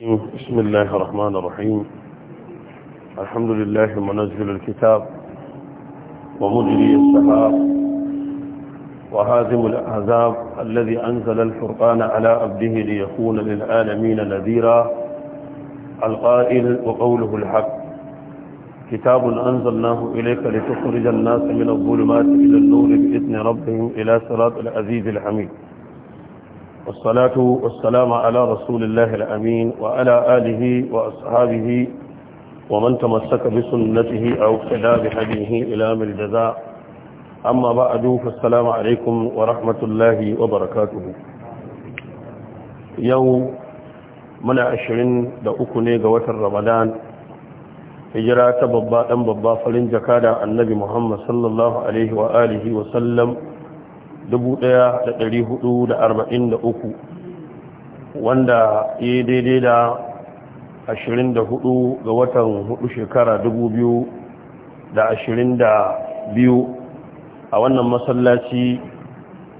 بسم الله الرحمن الرحيم الحمد لله منزل الكتاب ومجري السحاب وهازم الأعذاب الذي أنزل الفرقان على عبده ليكون للعالمين نذيرا القائل وقوله الحق كتاب أنزلناه إليك لتخرج الناس من الظلمات إلى النور بإذن ربهم إلى صراط العزيز الحميد والصلاة والسلام على رسول الله الأمين وعلى آله وأصحابه ومن تمسك بسنته أو اقتدى بهديه إلى من الجزاء أما بعد فالسلام عليكم ورحمة الله وبركاته يوم من عشرين دعوكني قوة رمضان هجرة ببا أم ببا فلن جكادا النبي محمد صلى الله عليه وآله وسلم 1443 wanda ya yi daidai da 24 ga watan 4 shekara 2022 a wannan masallaci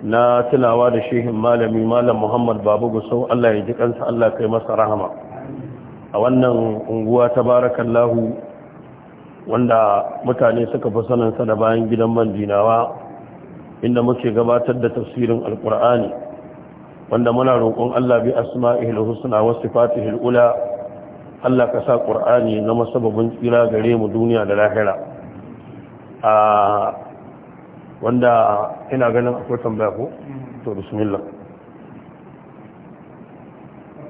na tunawa da shehin malami malam muhammad babu gusau allah ya ji kansa allah kai masa rahama a wannan unguwa ta barakallahu wanda mutane suka fi sanansa da bayan gidan man dinawa inda muke gabatar da tafsirin alkur'ani wanda muna roƙon Allah bi asma'ihil husna wa sifatihil ula Allah ka sa qur'ani na sababin tsira gare mu duniya da lahira a wanda ina ganin akwai tambaya ko to bismillah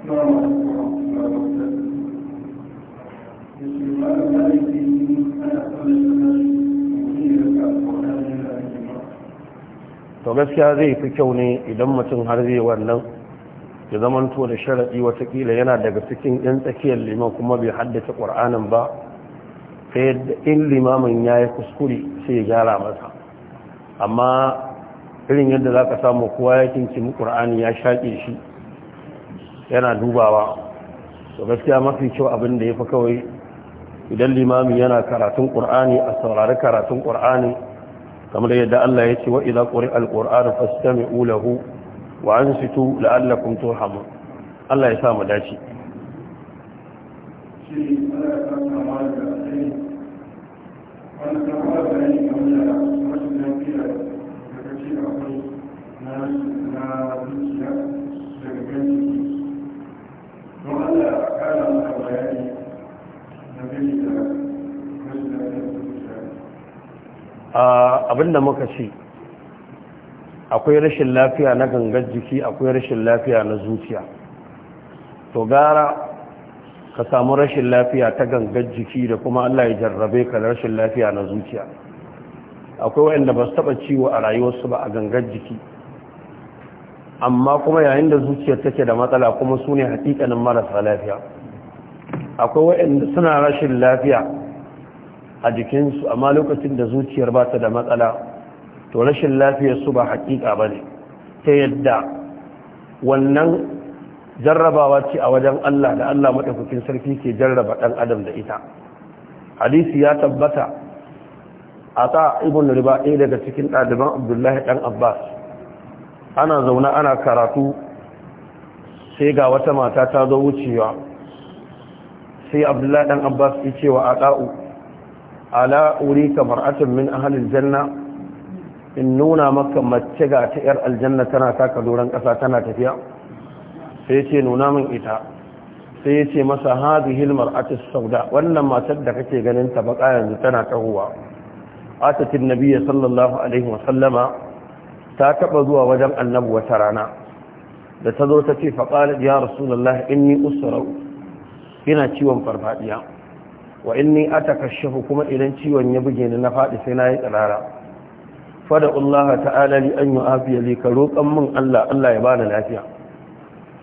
Thank you. to gaskiya zai fi kyau ne idan mutum har zai wannan ya zamanto da sharaɗi watakila yana daga cikin 'yan tsakiyar liman kuma bai haddace ƙwar'anin ba ta yadda in limamin ya yi kuskure sai ya gyara masa amma irin yadda za ka samu kowa ya mu ƙwar'ani ya shaƙe shi yana dubawa to gaskiya mafi kyau abin da ya fi kawai idan limamin yana karatun ƙur'ani a saurari karatun ƙur'ani kamar yadda Allah ya ce wa idza quri'a al-qur'anu fastami'u lahu wa ansitu la'allakum Allah ya sa mu dace shi abinda muka ce akwai rashin lafiya na gangar jiki akwai rashin lafiya na zuciya to gara ka samu rashin lafiya ta gangar jiki da kuma Allah ya jarrabe ka da rashin lafiya na zuciya akwai wanda ba su taba ciwo a rayuwarsu ba a gangar jiki amma kuma yayin da zuciyar take da matsala kuma su ne hakikanin marasa lafiya akwai waɗanda suna rashin lafiya a jikinsu amma lokacin da zuciyar ba ta da matsala to rashin su ba hakika ba ne ta yadda wannan jarrabawa ce a wajen Allah da Allah matafukin sarki ke jarraba ɗan adam da ita hadisi ya tabbata a ta ibn riba ɗaya daga cikin ɗaliban abdullahi ɗan abbas ana zaune ana karatu sai ga wata mata ta zo wucewa sai abdullahi ɗan abbas ya ce a ɗa'u ala kamar mar'atun min ahlil janna in nuna maka mace ga ta yar aljanna tana taka doron ƙasa tana tafiya sai ce nuna min ita sai ce masa hilmar almar'atu sauda wannan matar da kake ganin ta baka yanzu tana tahowa atatin nabiyyi sallallahu alaihi wa sallama ta taɓa zuwa wajen annabu wata rana da ta zo ta ce faqalat ya in ni usra ina ciwon farfadiya wa inni shafu kuma idan ciwon ya buge ni na faɗi sai na yi tsirara fada Allah ta'ala li an yu'afiya li ka roƙan min Allah Allah ya bani lafiya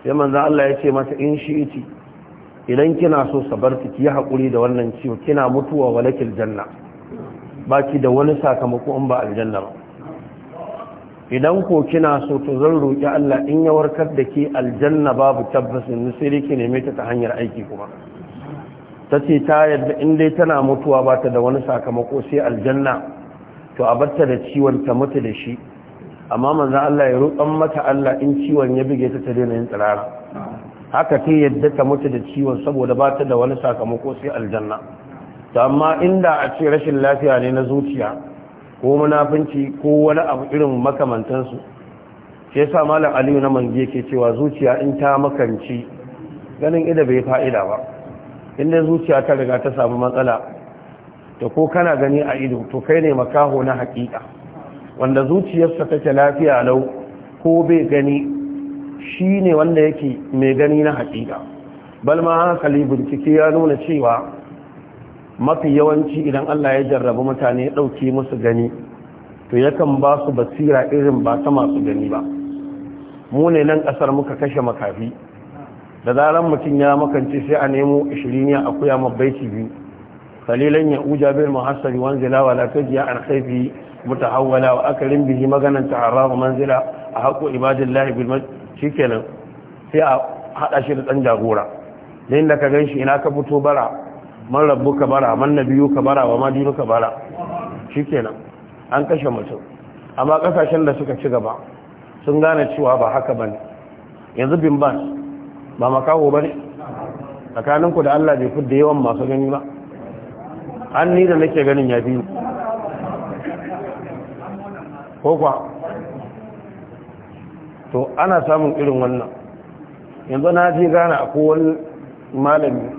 sai manzo Allah ya ce masa in shi ici idan kina so sabarki ki hakuri da wannan ciwo kina mutuwa walakil janna baki da wani sakamako in ba aljanna ba idan ko kina so to zan roƙi Allah in ya warkar da ke aljanna babu tabbasin nusiri ki neme ta ta hanyar aiki kuma ta ce ta yadda in dai tana mutuwa ba ta da wani sakamako sai aljanna to a batta da ciwon ta mutu da shi amma manzan Allah ya roƙon mata Allah in ciwon ya bige ta ta daina yin tsirara haka ta yadda ta mutu da ciwon saboda ba ta da wani sakamako sai aljanna to amma inda a ce rashin lafiya ne na zuciya ko munafunci ko wani abu irin makamantansu sai sa malam Aliyu na mange ke cewa zuciya in ta makanci ganin ida bai fa'ida ba inda zuciya ta riga ta samu matsala to ko kana gani a ido to kai ne makaho na hakika wanda zuciyarsa take lafiya lau ko bai gani shi ne wanda yake mai gani na hakika balma hankali bincike ya nuna cewa mafi yawanci idan Allah ya jarrabu mutane ya ɗauke musu gani to yakan ba su basira irin ba ta masu gani ba mu ne nan ƙasar muka kashe makafi da zaran mutum ya makance sai a nemo 20 ya akuya mabbaiti biyu kalilan ya uja bil muhassari wanzila wa la tajiya an khayfi mutahawwala wa akarin bihi maganan wa manzila a haƙo ibadin bil majd shikenan sai a hada shi da ɗan jagora dan da ka ganshi ina ka fito bara man ka bara man ka bara wa ka bara shikenan an kashe mutum amma kasashen da suka ci gaba sun gane cewa ba haka ba ne yanzu bin bas ba makaho ba ne tsakaninku da Allah bai fudda yawan masu gani ba an ni da nake ganin ya biyu ko kwa to ana samun irin wannan yanzu na ji gane a kowane malami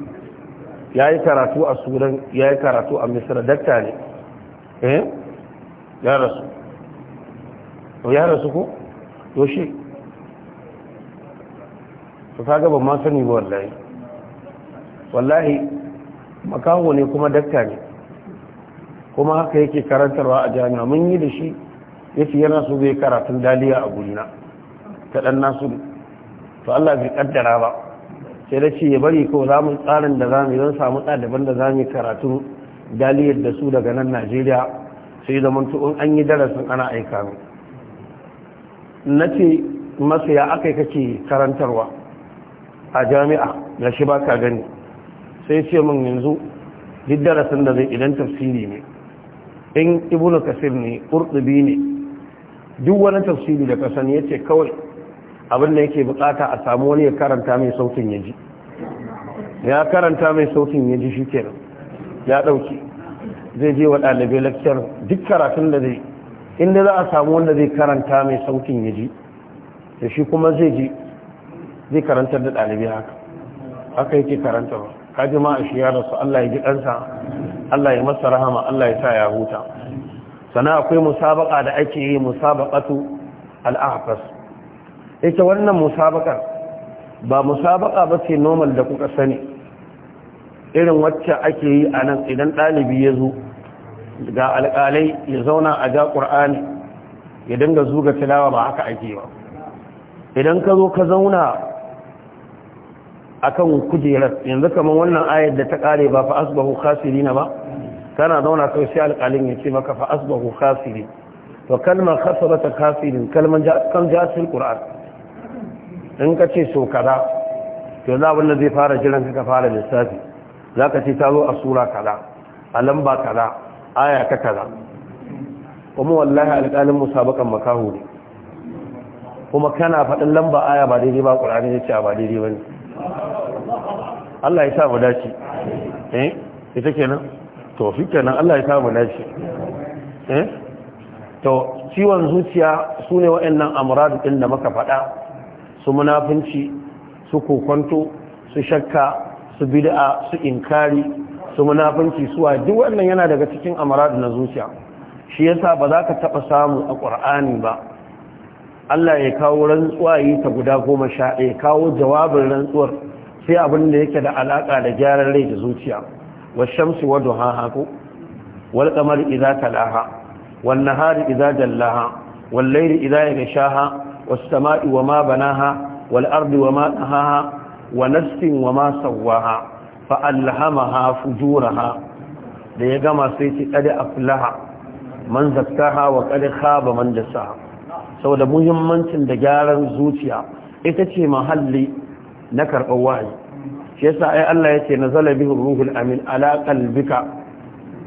ya yi karatu a sudan ya yi karatu a misira dakta ne eh? ya rasu ya rasu ko yoshi to kaga ban ma sani ba wallahi wallahi makaho ne kuma dakta ne kuma haka yake karantarwa a jami'a mun yi da shi fi yana so zai karatun daliya a gulina ta dan nasu to Allah bai kaddara ba sai da ce ya bari ko za mu tsarin da za mu don samu ɗaliban da za zamu karatun daliyar da su daga nan Najeriya sai da mun in an yi darasin ana aika mu ce masa ya yi kake karantarwa a jami'a ga shi ba ka gani sai ce min yanzu duk darasin da zai idan tafsiri ne in ibnu kasir ne urdubi ne duk wani tafsiri da kasan ya ce kawai abin da yake bukata a samu wani ya karanta mai sautin ya ji ya karanta mai sautin ya ji shi kenan ya dauki zai je wa dalibai lakciyar duk karatun da zai inda za a samu wanda zai karanta mai sautin yaji ji da shi kuma zai ji zai karantar da ɗalibai haka haka yake karanta ba ka ma a shiya da su Allah ya ji ɗansa Allah ya masa rahama Allah ya sa ya huta sana akwai musabaka da ake yi musabakatu al'afas ita wannan musabakar ba musabaka ba ce normal da kuka sani irin wacce ake yi a nan idan ɗalibi ya zo ga alƙalai ya zauna a ja ƙur'ani ya dinga zuga tilawa ba haka ake ba idan ka zo ka zauna akan kujerar yanzu kamar wannan ayar da ta kare ba fa asbahu khasirina ba kana zauna kai sai alƙalin ya ce maka fa asbahu khasiri to kalmar khasarata khasirin kalmar kan jasil qur'an in ka ce so kaza to za wanda zai fara jiran ka fara lissafi za ka ce ta zo a sura kaza a lamba kaza aya ta kaza kuma wallahi alƙalin musabakan makaho ne kuma kana faɗin lamba aya ba daidai ba ƙur'ani ya ce ba daidai ba ne Allah ya sa mu dace eh ita kenan to fi kenan Allah ya sa mu dace eh to ciwon zuciya sune waɗannan amrad din da muka faɗa su munafinci su kokonto su shakka su bid'a su inkari su munafinci suwa duk wannan yana daga cikin amrad na zuciya shi yasa ba za ka taɓa samu a ƙur'ani ba Allah ya kawo rantsuwa yi ta guda goma sha ɗaya kawo jawabin rantsuwar sai abin da yake da alaƙa da gyaran rai da zuciya wa shamsu wa duhaha ko wal qamar idza talaha wan nahari idza jallaha wal layli idza yaghshaha was samai wa ma banaha wal ardi wa ma dahaha wa nafsin wa ma sawaha fa alhamaha fujuraha da ya gama sai ci qad aflaha man zakkaha wa qad khaba man dasaha saboda muhimmancin da gyaran zuciya ita ce mahalli na karɓar wahayi shi yasa ai Allah ya ce nazala bihi ruhul amin ala qalbika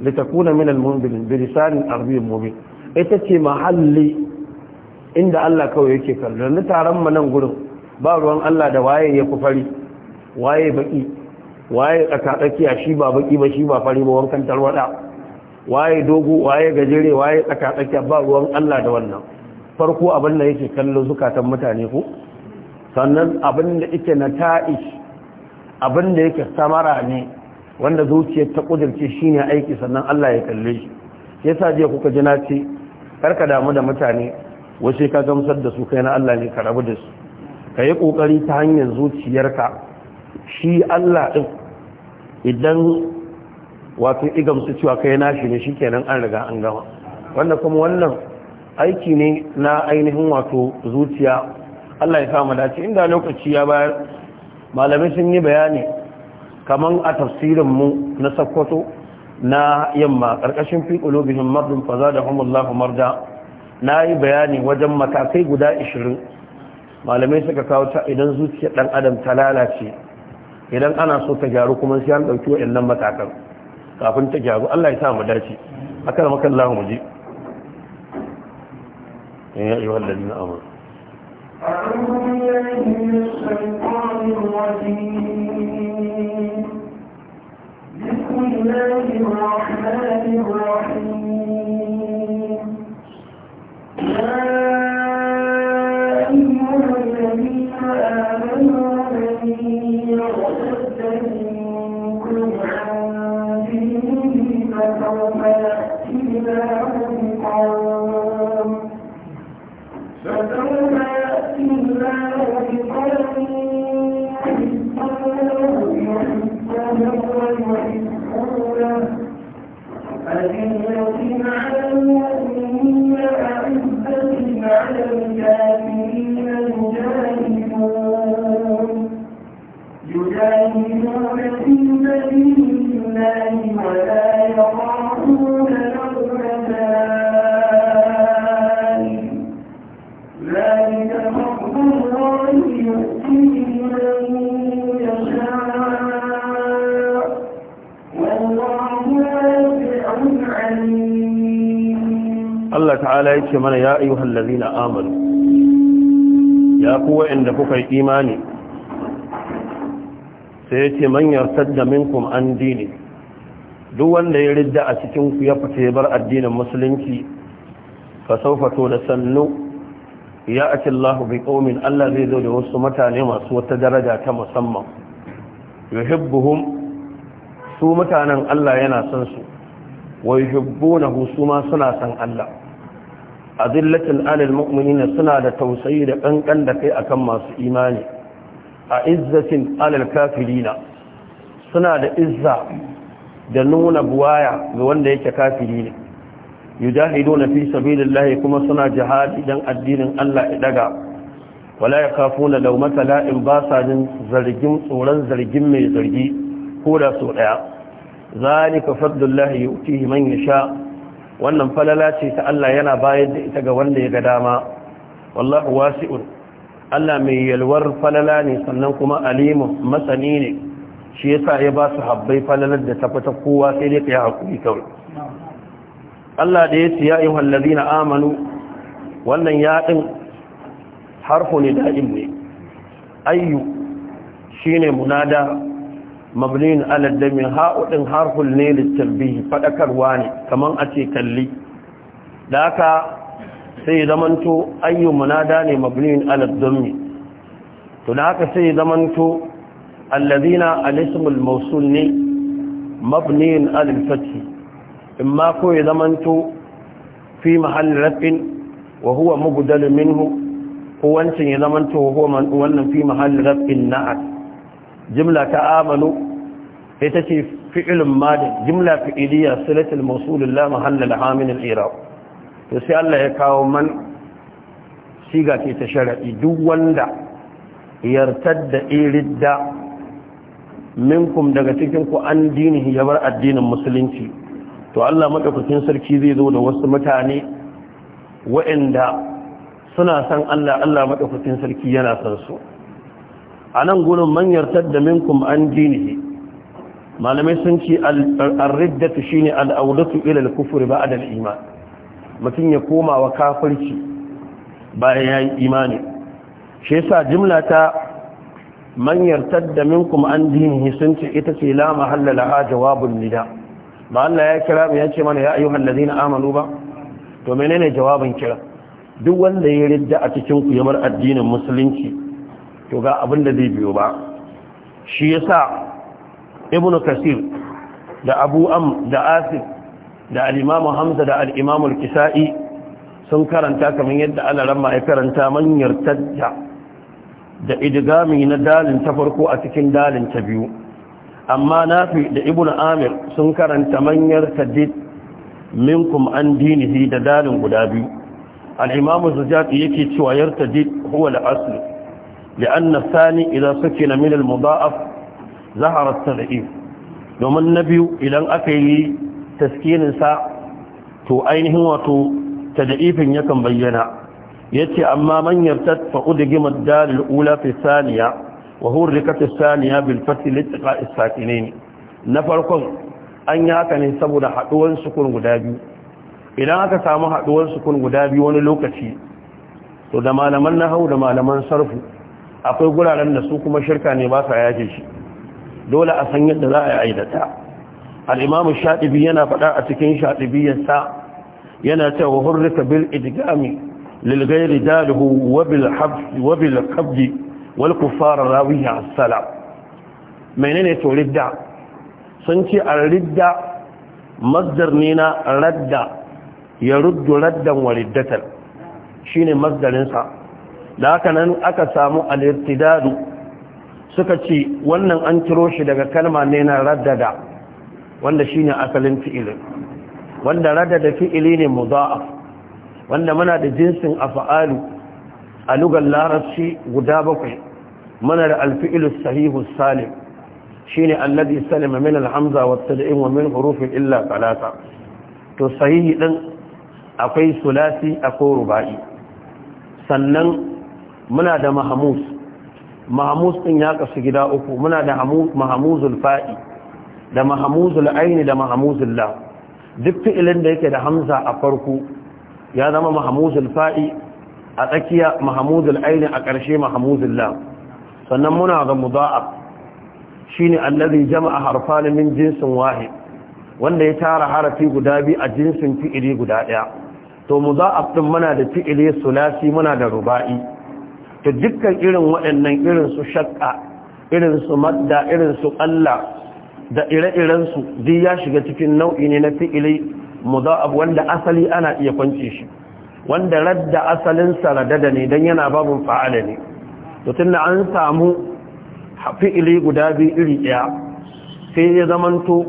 litakuna min almunzirin bi lisanin arabiyyin mubin ita ce mahalli inda Allah kawai yake kallo ni taron mu nan gurin ba ruwan Allah da waye ya kufari waye baki waye tsakatsakiya shi ba baki ba shi ba fari ba wankan tarwada waye dogo waye gajere waye tsakatsakiya ba ruwan Allah da wannan farko abin da yake kallo zukatan mutane ko sannan abin da yake na ta'ish abin da yake samara ne wanda zuciyar ta kudirce shine aiki sannan Allah ya kalle shi yasa je kuka ji na ce karka damu da mutane wace ka gamsar da su kai na Allah ne ka rabu da su ka yi kokari ta hanyar zuciyarka shi Allah din idan wato igamsu cewa kai na shi ne shikenan an riga an gama wanda kuma wannan aiki ne na ainihin wato zuciya Allah ya samu dace inda lokaci ya bayar malamai sun yi bayani kaman a tafsirin mu na sakkwato na yamma ƙarƙashin fi qulubihim mardun fazadahum Allahu marda nayi bayani wajen matakai guda 20 malamai suka kawo ta idan zuciya ɗan adam ta lalace idan ana so ta gyaru kuma sai an dauki wayannan matakan kafin ta gyaru Allah ya sa mu dace akan makallahu mu ji يا أيها الذين آمنوا أعوذ بالله من الشيطان الرجيم بسم الله الرحمن الرحيم يا أيها الذين آمنوا من يرتد منكم عن دينه فسوف يأتي ce mana ya ayyuhal ladina amanu ya ku wa'anda kuka yi imani sai ya ce man yartadda minkum an dini duk wanda ya ridda a cikin ku ya fita ya bar addinin musulunci fa sawfa da sannu ya ati Allah bi qaumin Allah zai zo da wasu mutane masu wata daraja ta musamman yuhibbuhum su mutanen Allah yana son su wa yuhibbunahu su ma suna son Allah azillatin alal mu'minina suna da tausayi da ƙanƙan da kai akan masu imani a izzatin alal kafirina suna da izza da nuna buwaya ga wanda yake kafiri ne yujahiduna fi sabilillahi kuma suna jihadi dan addinin Allah ya daga wala yakhafuna lawmata la'in basadin zargin tsoran zargin mai zargi ko da so daya zalika fadlullahi yu'tihi man yasha' wannan falala ce ta Allah yana bayar da ita ga wanda ya ga dama wallahu wasi'un Allah mai yalwar falala ne sannan kuma alimun masani ne shi yasa ya ba su habbai falalar da ta fita kowa sai dai ya hakuri kawai Allah da ya siya ya ayyuhal amanu wannan ya din harfu ne da'im ne ayyu shine munada mabnin ala dami ha'udin harful ne littabbihi fadakarwa ne kaman a ce kalli da haka sai zamanto ayyu munada ne mabnin ala dami to da haka sai zamanto allazina alismul mawsul ne mabnin ala fathi imma ko ya zamanto fi mahall rafin wa huwa mubdal minhu ko wancin ya zamanto wa huwa wannan fi mahall rafin na'at jimla ta amanu ita ce fi'ilun madin jimla fi'iliya silatul mausulillah mahallal hamil al-iraq to sai Allah ya kawo man siga ce ta shar'i duk wanda yartar da iridda minkum daga cikin ku an dinihi ya bar addinin musulunci to Allah madaukakin sarki zai zo da wasu mutane waɗanda suna son Allah Allah madaukakin sarki yana son su a nan gudun man yartar yartadda minkum an dinihi malamai sun ce al-riddatu shine al ilal ila al-kufr ba'da al-iman mutum ya koma wa kafirci bayan yayi imani shi yasa jumla ta man yartadda minkum an dinihi sun ce ita ce la mahalla laha jawabun nida ba Allah ya kira mu yace mana ya ayyuhal ladina amanu ba to menene jawabin kira duk wanda ya ridda a cikin ku yamar addinin musulunci to ga abin da zai biyo ba shi yasa ibn kasir da abu am da asif da al'imamu hamza da al'imamul kisa'i sun karanta kamar yadda alaramma ya karanta manyar tajja da idigami na dalin ta farko a cikin dalin ta biyu amma nafi da ibn amir sun karanta manyar taddid minkum an dinihi da dalin guda biyu al'imamu zujati yake cewa yar did huwa da asli sani idan suke na minal المضاعف zaharar tala'i domin na biyu idan aka yi taskirinsa to ainihin wato ta yakan bayyana ya ce amma manyar tattafa udigimar dalil ula fi saniya wa hurrikatar saniya bilfati littaka istakine ne na farkon an yi haka ne saboda haɗuwar sukun guda biyu idan aka samu haɗuwar sukun guda biyu wani lokaci to da malaman na hau da malaman sarfu akwai guraren da su kuma shirka ne ba sa yake shi dole a san yadda za a yi aidata al'imamu shaɗibi yana faɗa a cikin shaɗibiyarsa yana cewa hurrika bil idgami lilgairi dalihu Wabil, kabdi wal kufara rawiya salam menene to ridda sun ce a ridda masdar ne na radda ya ruddu raddan wa riddatar shine masdarinsa da haka nan aka samu al suka ce wannan an kiro shi daga kalma ne na raddada wanda shi ne asalin fi'ilin wanda raddada fi'ili ne muza’af wanda muna da jinsin afa’alu a lugar larabci guda bakwai muna da alfi'ilu sahihu salim shi shine salim a min alhamza wata da wa min hurufin illa thalatha to sahihi ɗin akwai sulasi akwai ruba'i sannan muna da mahamusu mahamus din ya kasu gida uku muna da mahamuzul fa'i da mahamuzul aini da mahamuzul la duk fi'ilin da yake da hamza a farko ya zama mahamuzul fa'i a tsakiya mahamuzul aini a ƙarshe mahamuzul la sannan muna da muda'ab shine allazi jama'a harfan min jinsin wahid wanda ya tara harafi guda biyu a jinsin fi'ili guda ɗaya to muda'ab din muna da fi'ili sulasi muna da ruba'i ta dukkan irin waɗannan irin su shakka irin su madda irin su Allah da ire iren su, duk ya shiga cikin nau'i ne na fi'ili mudha'ab wanda asali ana iya kwance shi wanda radda asalin sanadada ne dan yana babun fa'ala ne to tunda an samu fi'ili guda biyu iri daya sai ya zamanto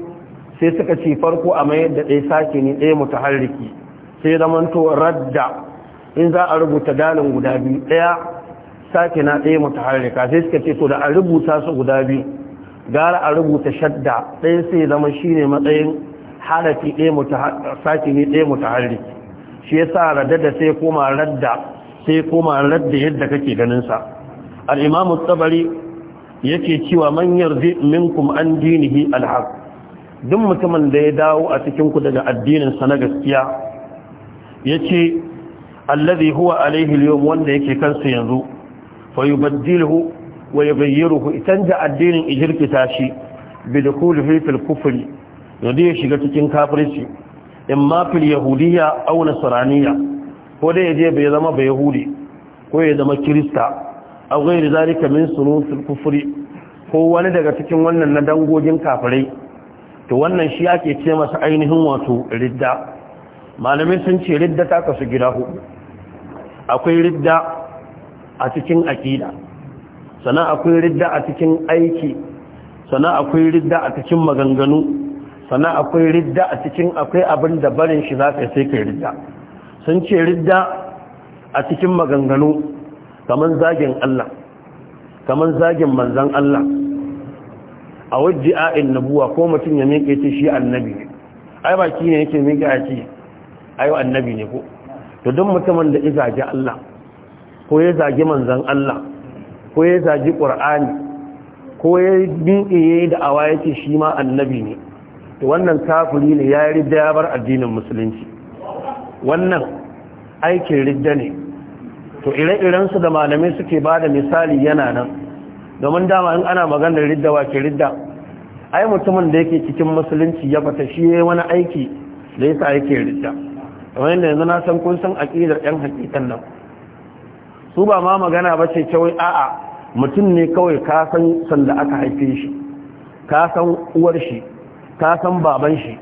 sai suka ci farko a mayar da ɗaya sake ne ɗaya mutaharriki sai ya zamanto radda in za a rubuta dalin guda biyu ɗaya na ɗaya mutaharrika sai suka ce to da a rubuta su guda biyu gara a rubuta shadda ɗaya sai zama shine matsayin harafi ɗaya ne ɗaya mutaharriki shi yasa radda da sai koma radda sai koma radda yadda kake ganinsa. sa al tsabari yake cewa manyar yarzi minkum an dinihi alhaq duk mutumin da ya dawo a cikin ku daga addinin sa na gaskiya ce allazi huwa alaihi liyom wanda yake kansa yanzu fa yubaddiluhu wa yughayyiruhu idan da addinin ijirkita shi bi dukhul fi fil ya shiga cikin kafirci in ma fil yahudiyya aw nasraniyya ko da yaje bai zama ba yahudi ko ya zama kirista aw ghairi zalika min sunufil kufri ko wani daga cikin wannan na dangogin kafirai to wannan shi ake ce masa ainihin wato ridda malamai sun ce ridda ta kasu gida hudu akwai ridda a cikin aƙida sannan akwai ridda a cikin aiki sannan akwai ridda a cikin maganganu sannan akwai ridda a cikin akwai abin da barin shi za ka sai kai ridda sun ce ridda a cikin maganganu kamar zagin Allah kamar zagin manzan Allah a wajji'a'in nabuwa ko mutum ya miƙe ce shi annabi ne ai baki ne yake miƙe a ce ayo annabi ne ko to don mutumin da ji Allah ko ya zagi manzan Allah ko ya zagi ƙur'ani ko ya bindiye da awa yake shi ma annabi ne wannan kafuri ne ya yi ridda ya bar addinin musulunci wannan aikin ridda ne to ire-irensu da malamai suke ba da misali yana nan domin dama in ana maganar ridda wa ke ridda ai mutumin da yake cikin musulunci ya fata shi ya yi wani aiki da sa yake ridda kamar yadda yanzu na san kun san aƙidar 'yan hakikan nan su ba ma magana ba ce cewa a'a mutum ne kawai ka san sanda aka haife shi ka san uwar shi ka san baban shi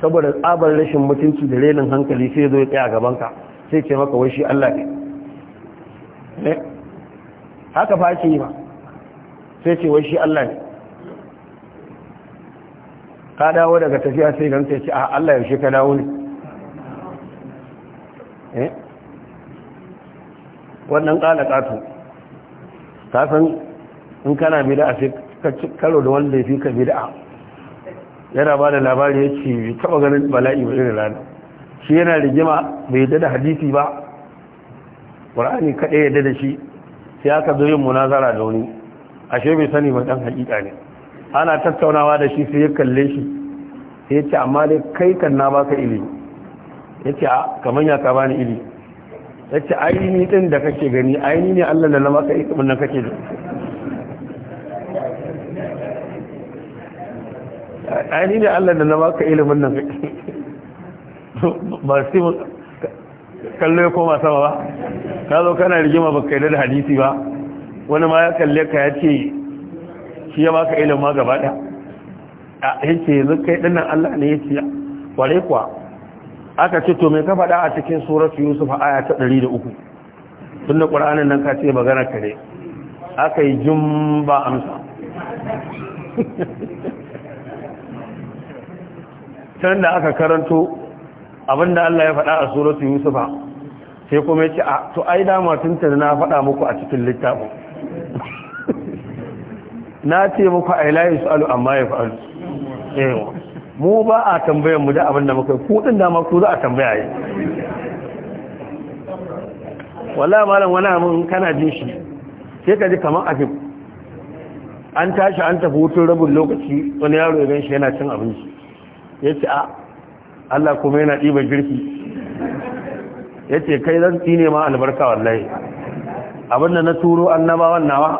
saboda tsabar rashin mutunci da renin hankali sai zo ya tsaya gaban ka sai ce maka wai shi Allah ne eh, haka fa ake yi ba sai ce wai shi Allah ne ka dawo daga tafiya sai gan sai ce a Allah yaushe ka dawo ne eh, wannan kala katu kafin in kana bid'a a fi karo da wanda ya yafi ka bid'a yana ba da labari ya ce bai taɓa ganin bala'i ba irin rana shi yana rigima bai dada da hadisi ba ƙwar'ani kaɗai yadda da shi sai aka zo yin munazara da wani ashe bai sani ba ɗan haƙiƙa ne ana tattaunawa da shi sai ya kalle shi sai ya ce amma dai kai kan na baka ilimi ya ce a kamar yaka ka bani ilimi ya ce aini ɗin da kake gani aini ne allah da na maka ikimin nan kake da aini ne allah da na maka ilimin nan ba mu kallo ya koma sama ba ka zo kana rigima ba kai da hadisi ba wani ma ya kalle ka ya ce shi ya maka ilimin ma gaba ɗaya a yake yanzu kai ɗinnan allah ne ya ce kwarai kuwa aka ce to mai ka faɗa a cikin surat yusuf aya ta 103 tun da ƙwararren nan ka ce magana ka ne aka yi jin ba amsa can da aka karanto abinda Allah ya faɗa a surat yusuf sai kuma ya ce a to ai dama tun na faɗa muku a cikin littafin na ce muku a ilayi su alu amma ya fa'alu mu ba a tambayar mu da abin da muka ku din da ku za a tambaya yi Wala malam wani abin kana jin shi sai ka ji kamar afif an tashi an tafi hutun rabin lokaci wani yaro ya gan shi yana cin abinci ya ce a Allah kuma yana ɗiba girki ya ce kai zan tsine ma albarka wallahi da na turo annabawan nawa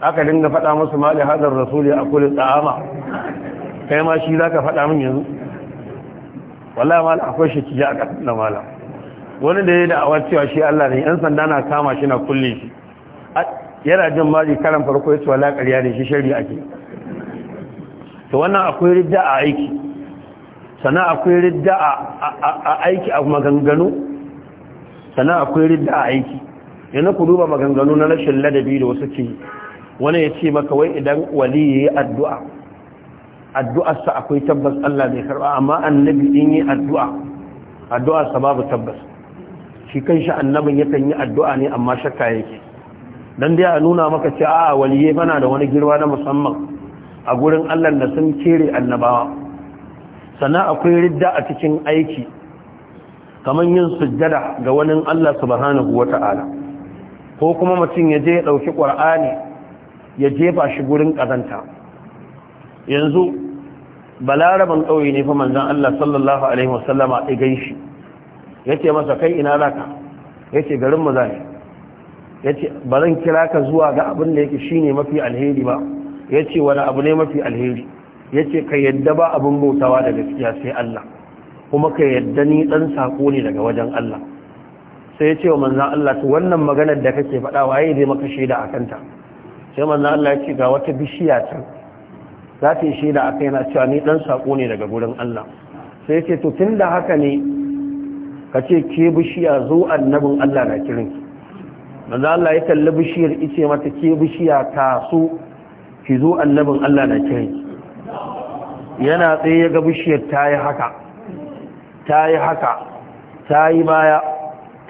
aka dinga faɗa musu mali hadar rasuli a kulin tsa'ama kai ma shi za ka faɗa min yanzu wallahi mala akwai shi kija a ƙasar da mala wani da ya da awar cewa shi Allah ne yan sanda na kama shi na kulle shi yana jin maji karan farko ya ce wala ƙarya ne shi shari ake to wannan akwai ridda a aiki sannan akwai ridda a aiki a maganganu sannan akwai ridda a aiki yana ku duba maganganu na rashin ladabi da wasu ke wani ya ce maka wai idan wali ya yi addu'a addu'arsa akwai tabbas Allah mai karba amma annabi in yi addu'a addu'arsa babu tabbas shi kan shi annabin yakan yi addu'a ne amma shakka yake dan dai a nuna maka ce a waliye bana da wani girma na musamman a gurin Allah da sun kere annabawa sannan akwai ridda a cikin aiki kamar yin sujjada ga wani Allah subhanahu wata'ala ko kuma mutum ya je ya dauki qur'ani ya jefa shi gurin ƙazanta. yanzu balaraban ƙauye ne fa manzan Allah sallallahu alaihi wasallama a gai shi ya ce masa kai ina za ka ya ce garin mu ne ya ce ba zan kira ka zuwa ga abin da yake shi ne mafi alheri ba ya ce wani abu ne mafi alheri ya ce ka yadda ba abin bautawa da gaskiya sai Allah kuma ka yadda ni ɗan saƙo ne daga wajen Allah sai ya ce wa manzan Allah to wannan maganar da kake faɗa waye zai maka shaida a kanta sai manzan Allah ya ce ga wata bishiya can za ta yi shaida a kaina cewa ni dan sako ne daga gurin Allah sai ce to tun da haka ne ka ce ke bishiya zo annabin Allah na kirin ba manzo Allah ya kalli bishiyar ice mata ke bishiya ta so ki zo annabin Allah na kirin yana tsaye ga bishiyar ta yi haka ta yi haka ta yi baya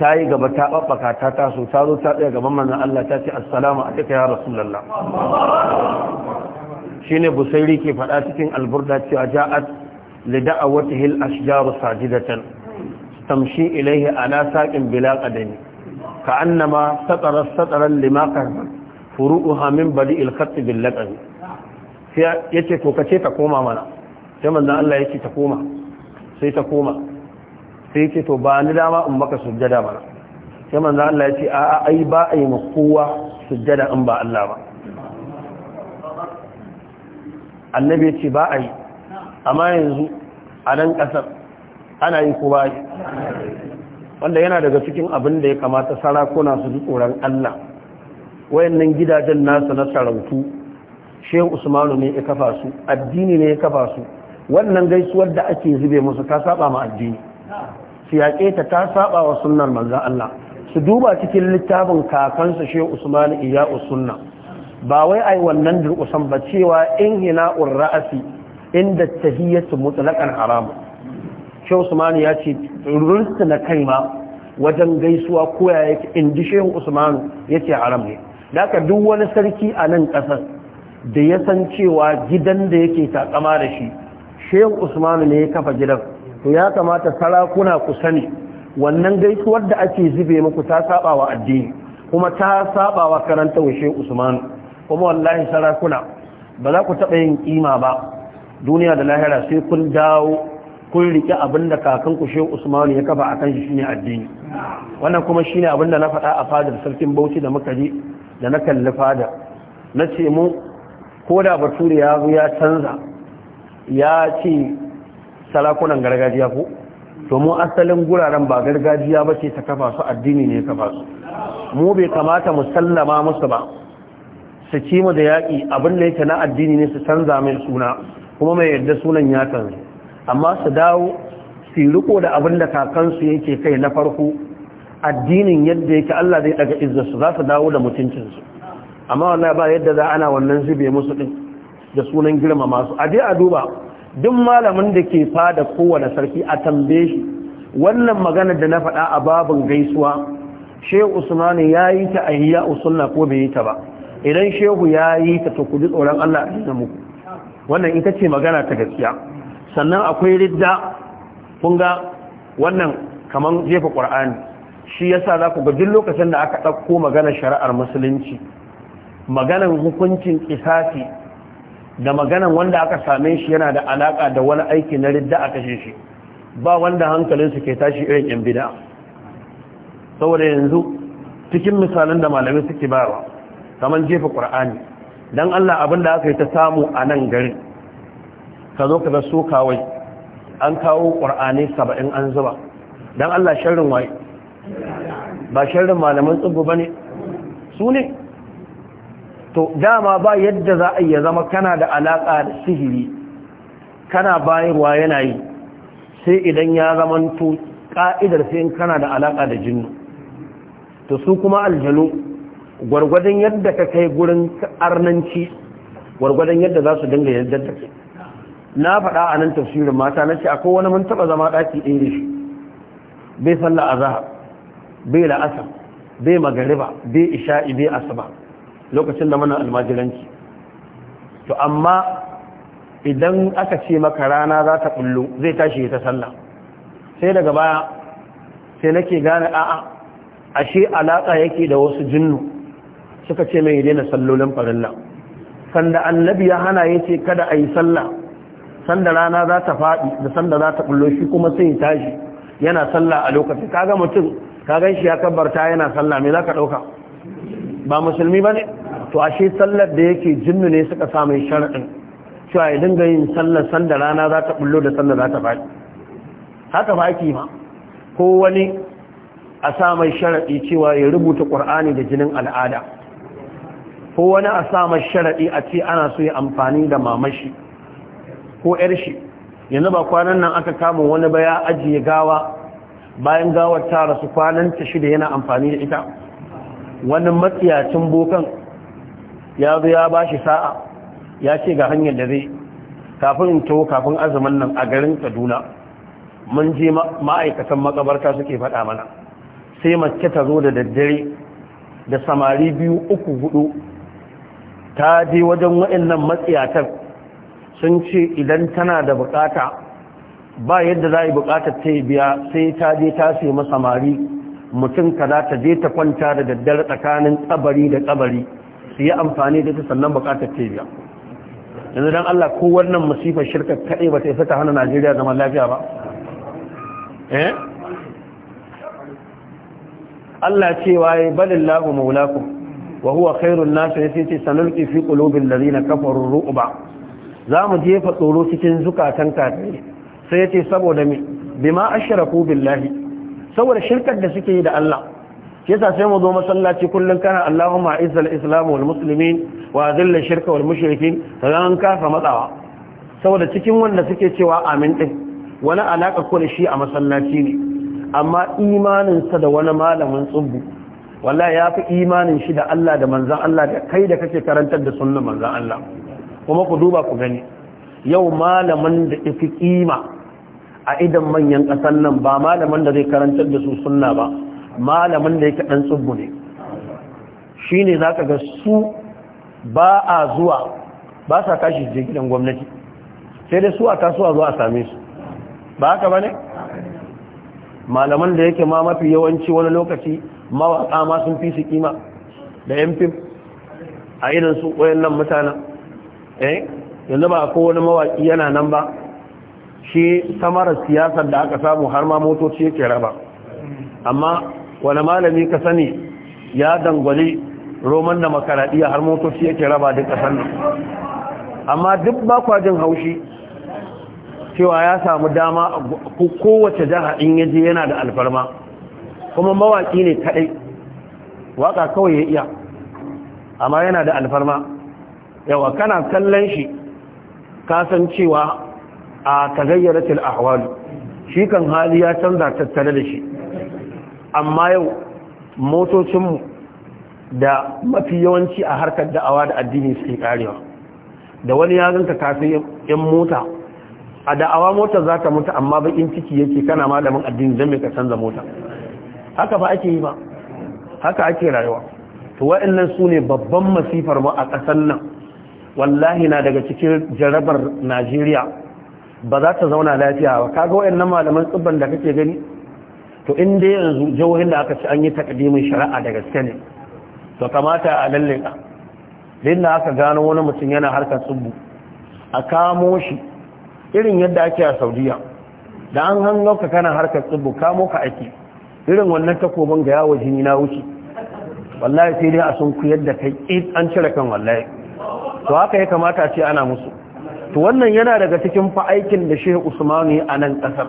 ta yi gaba ta ɓaɓɓaka ta taso ta zo ta tsaye gaban manzan Allah ta ce assalamu a ya rasulullah Shi ne busairi ke faɗa cikin alburda cewa ja'at li da'awatihi al-ashjaru sajidatan tamshi ilayhi ala saqin bila qadami ka'annama satara sataran lima karba furu'uha min badi'il khatt bil laqami sai yace to kace ta koma mana sai manzon Allah yace ta koma sai ta koma sai yace to ba ni dama in maka sujjada mana sai manzon Allah yace a'a ai ba ai kowa sujjada in ba Allah ba annabi ya ce ba a yi amma yanzu a nan ƙasar ana yi ko ba yi wanda yana daga cikin abin da ya kamata sarakuna su ji tsoron Allah wayannan gidajen nasu na sarautu shehu usmanu ne ya kafa su addini ne ya kafa su wannan gaisuwar da ake zube musu ta saba ma addini su yaƙe ta ta saba wa sunnar manzan Allah su duba cikin littafin kakansa shehu usmanu iya sunna ba wai ai wannan durƙusan ba cewa in hina'ur ra'asi inda tahiyyatu mutlaqan haram Shehu Usman ya ce rurrunta na kai ma wajen gaisuwa ko ya yake indi Shehu Usman yace haram ne daga duk wani sarki a nan ƙasar da ya san cewa gidan da yake takama da shi Shehu Usman ne ya kafa gidan to ya kamata sarakuna ku sani wannan gaisuwar da ake zube muku ta saba wa addini kuma ta saba wa karanta wa Shehu Usman kuma wallahi sarakuna ba za ku taɓa yin ƙima ba duniya da lahira sai kun dawo kun riƙe abin da kakan ku shehu usmanu ya kafa akan shi shine addini wannan kuma shine abin da na faɗa a fadar sarkin bauchi da muka ji da na kalli fada na ce mu ko da bature ya zo ya canza ya ce sarakunan gargajiya ko mu asalin guraren ba gargajiya ba ce ta kafa su addini ne ya kafa su mu bai kamata mu sallama musu ba su ci mu da yaƙi abin da yake na addini ne su canza mai suna kuma mai yadda sunan ya canza amma su dawo su riko da abin da kakansu yake kai na farko addinin yadda yake Allah zai daga izzarsu za su dawo da mutuncinsu amma wallahi ba yadda za ana wannan zube musu din da sunan girmama su a je a duba duk malamin da ke fada kowane sarki a tambaye shi wannan magana da na faɗa a babin gaisuwa shehu usmani ya yi ta ahiyya usunna ko bai yi ta ba idan shehu ya yi ta to ku tsoron Allah a cikin muku wannan ita ce magana ta gaskiya sannan akwai ridda kun ga wannan kaman jefa qur'ani shi yasa za ku ga duk lokacin da aka ɗauko magana shari'ar musulunci maganan hukuncin kisasi da maganan wanda aka same shi yana da alaka da wani aiki na ridda a kashe shi ba wanda su ke tashi irin yan bida saboda yanzu cikin misalin da malamai suke bayarwa kamar jefa ƙura'ani don allah abin da aka yi ta samu a nan gari ka zo ka ga kawai an kawo ƙura'ani saba'in an zuba don allah sharrin waye ba shirin malaman tsubu ba ne su ne to dama ba yadda za a iya zama kana da alaƙa da sihiri kana bayarwa yana yi sai idan ya zama to ƙa'idar sai kana da alaƙa da jinnu to su kuma aljanu gwargwadon yadda ka kai gurin arnanci gwargwadon yadda za su dinga yadda da kai na faɗa a nan tafsirin mata na ce akwai wani mun taɓa zama ɗaki ɗaya da shi bai sallah zahar, bai la'asa bai magariba bai isha'i bai asuba lokacin da muna almajiranci to amma idan aka ce maka rana za ta kullu zai tashi ta sallah sai daga baya sai nake gane a'a ashe alaka yake da wasu jinnu suka ce mai daina sallolin farilla sanda annabi ya hana ya ce kada a yi sallah sanda rana za ta faɗi da sanda za ta ɓullo shi kuma sai tashi yana sallah a lokaci kaga mutum ka gan shi ya kabarta yana sallah me za ka ɗauka ba musulmi ba ne to ashe sallar da yake jinnu ne suka sa mai sharaɗin cewa ya dinga yin sallar sanda rana za ta ɓullo da sanda za ta faɗi haka ba ake ma ko wani a sa mai sharaɗi cewa ya rubuta ƙur'ani da jinin al'ada ko wani a sa mashi sharaɗi a ce ana so ya amfani da mamashi ko ‘yar shi yanzu ba kwanan nan aka kama wani baya ajiye gawa bayan gawar ta rasu kwanan ta shida yana amfani da ita wani matsiyacin bokan ya zo ya ba shi sa'a ya ce ga hanyar da zai kafin to kafin azumin nan a garin kaduna mun je ma'aikatan makabarta suke faɗa mana sai mace ta zo da daddare da samari biyu uku hudu ta je wajen waɗannan matsiyatar sun ce idan tana da bukata ba yadda za a yi bukatar ta yi biya sai ta je ta sai masamari mutum mutum za ta je ta kwanta da daddare tsakanin tsabari da tsabari su yi amfani da ta sannan bukatar ta yi biya yanzu don Allah ko wannan masifar shirka kaɗai ba ta isa ta hana Najeriya zaman lafiya ba eh Allah cewa ya balillahu maulakun wa huwa khairun nas yace ce sanulqi fi qulubil ladina kafaru ru'ba za mu jefa tsoro cikin zukatan kafirai sai yace saboda me bima ashraku billahi saboda shirkar da suke yi da Allah yasa sai mu zo masallaci kullun kana Allahumma izzal islam wal muslimin wa azil shirka wal mushrikin ran kafa matsawa saboda cikin wanda suke cewa amin din wani alaka ko da shi a masallaci ne amma imaninsa da wani malamin tsubbu wallahi ya fi imanin shi da Allah da manzan Allah da kai da kake karantar da sunna manzan Allah kuma ku duba ku gani yau malaman da fi kima a idan manyan ƙasar nan ba malaman da zai karantar da su sunna ba malaman da yake dan tsubbu ne shi ne ga su ba a zuwa ba sa kashi je gidan gwamnati sai dai su a kasuwa zuwa a same su ba haka bane malaman da yake ma mafi yawanci wani lokaci mawaƙa ma sun fi su kima da yan fim a idan su nan mutanen eh yanzu ba ko wani mawaƙi yana nan ba shi samarar siyasar da aka samu har ma motoci yake raba amma wani malami ka sani ya dangwali roman da makaradiya har motoci yake raba duk ƙasar nan amma duk ba kwajin haushi cewa ya samu dama kowace jiha in yaje yana da alfarma kuma mawaki ne kadai waka kawai ya iya amma yana da alfarma yawa kana kallon shi cewa a tagayyaratul ahwal shi kan hali ya canza tattare da shi amma yau motocinmu da mafi yawanci a harkar da'awa da addini suke karewa da wani ya zanta kafin yan mota a da'awa mota za ta mutu amma bakin ciki yake kana malamin addini zan mai ka canza mota haka ba ake yi ba haka ake rayuwa to wa'annan su ne babban masifar mu a ƙasar nan wallahi na daga cikin jarabar najeriya ba za ta zauna lafiya ba kaga wa'annan malaman tsibban da kake gani to in dai yanzu jihohin da aka ci an yi takadimin shari'a da gaske ne to kamata a lalleka din da aka gano wani mutum yana harkar tsibbu a kamo shi irin yadda ake a saudiya da an hannu ka kana harkar tsibbu kamo ka ake irin wannan takobin ga yawon jini na wuce wallahi sai dai a sun ku yadda kai an cire kan wallahi to haka ya kamata ce ana musu to wannan yana daga cikin fa'aikin da shehu usmanu a nan kasar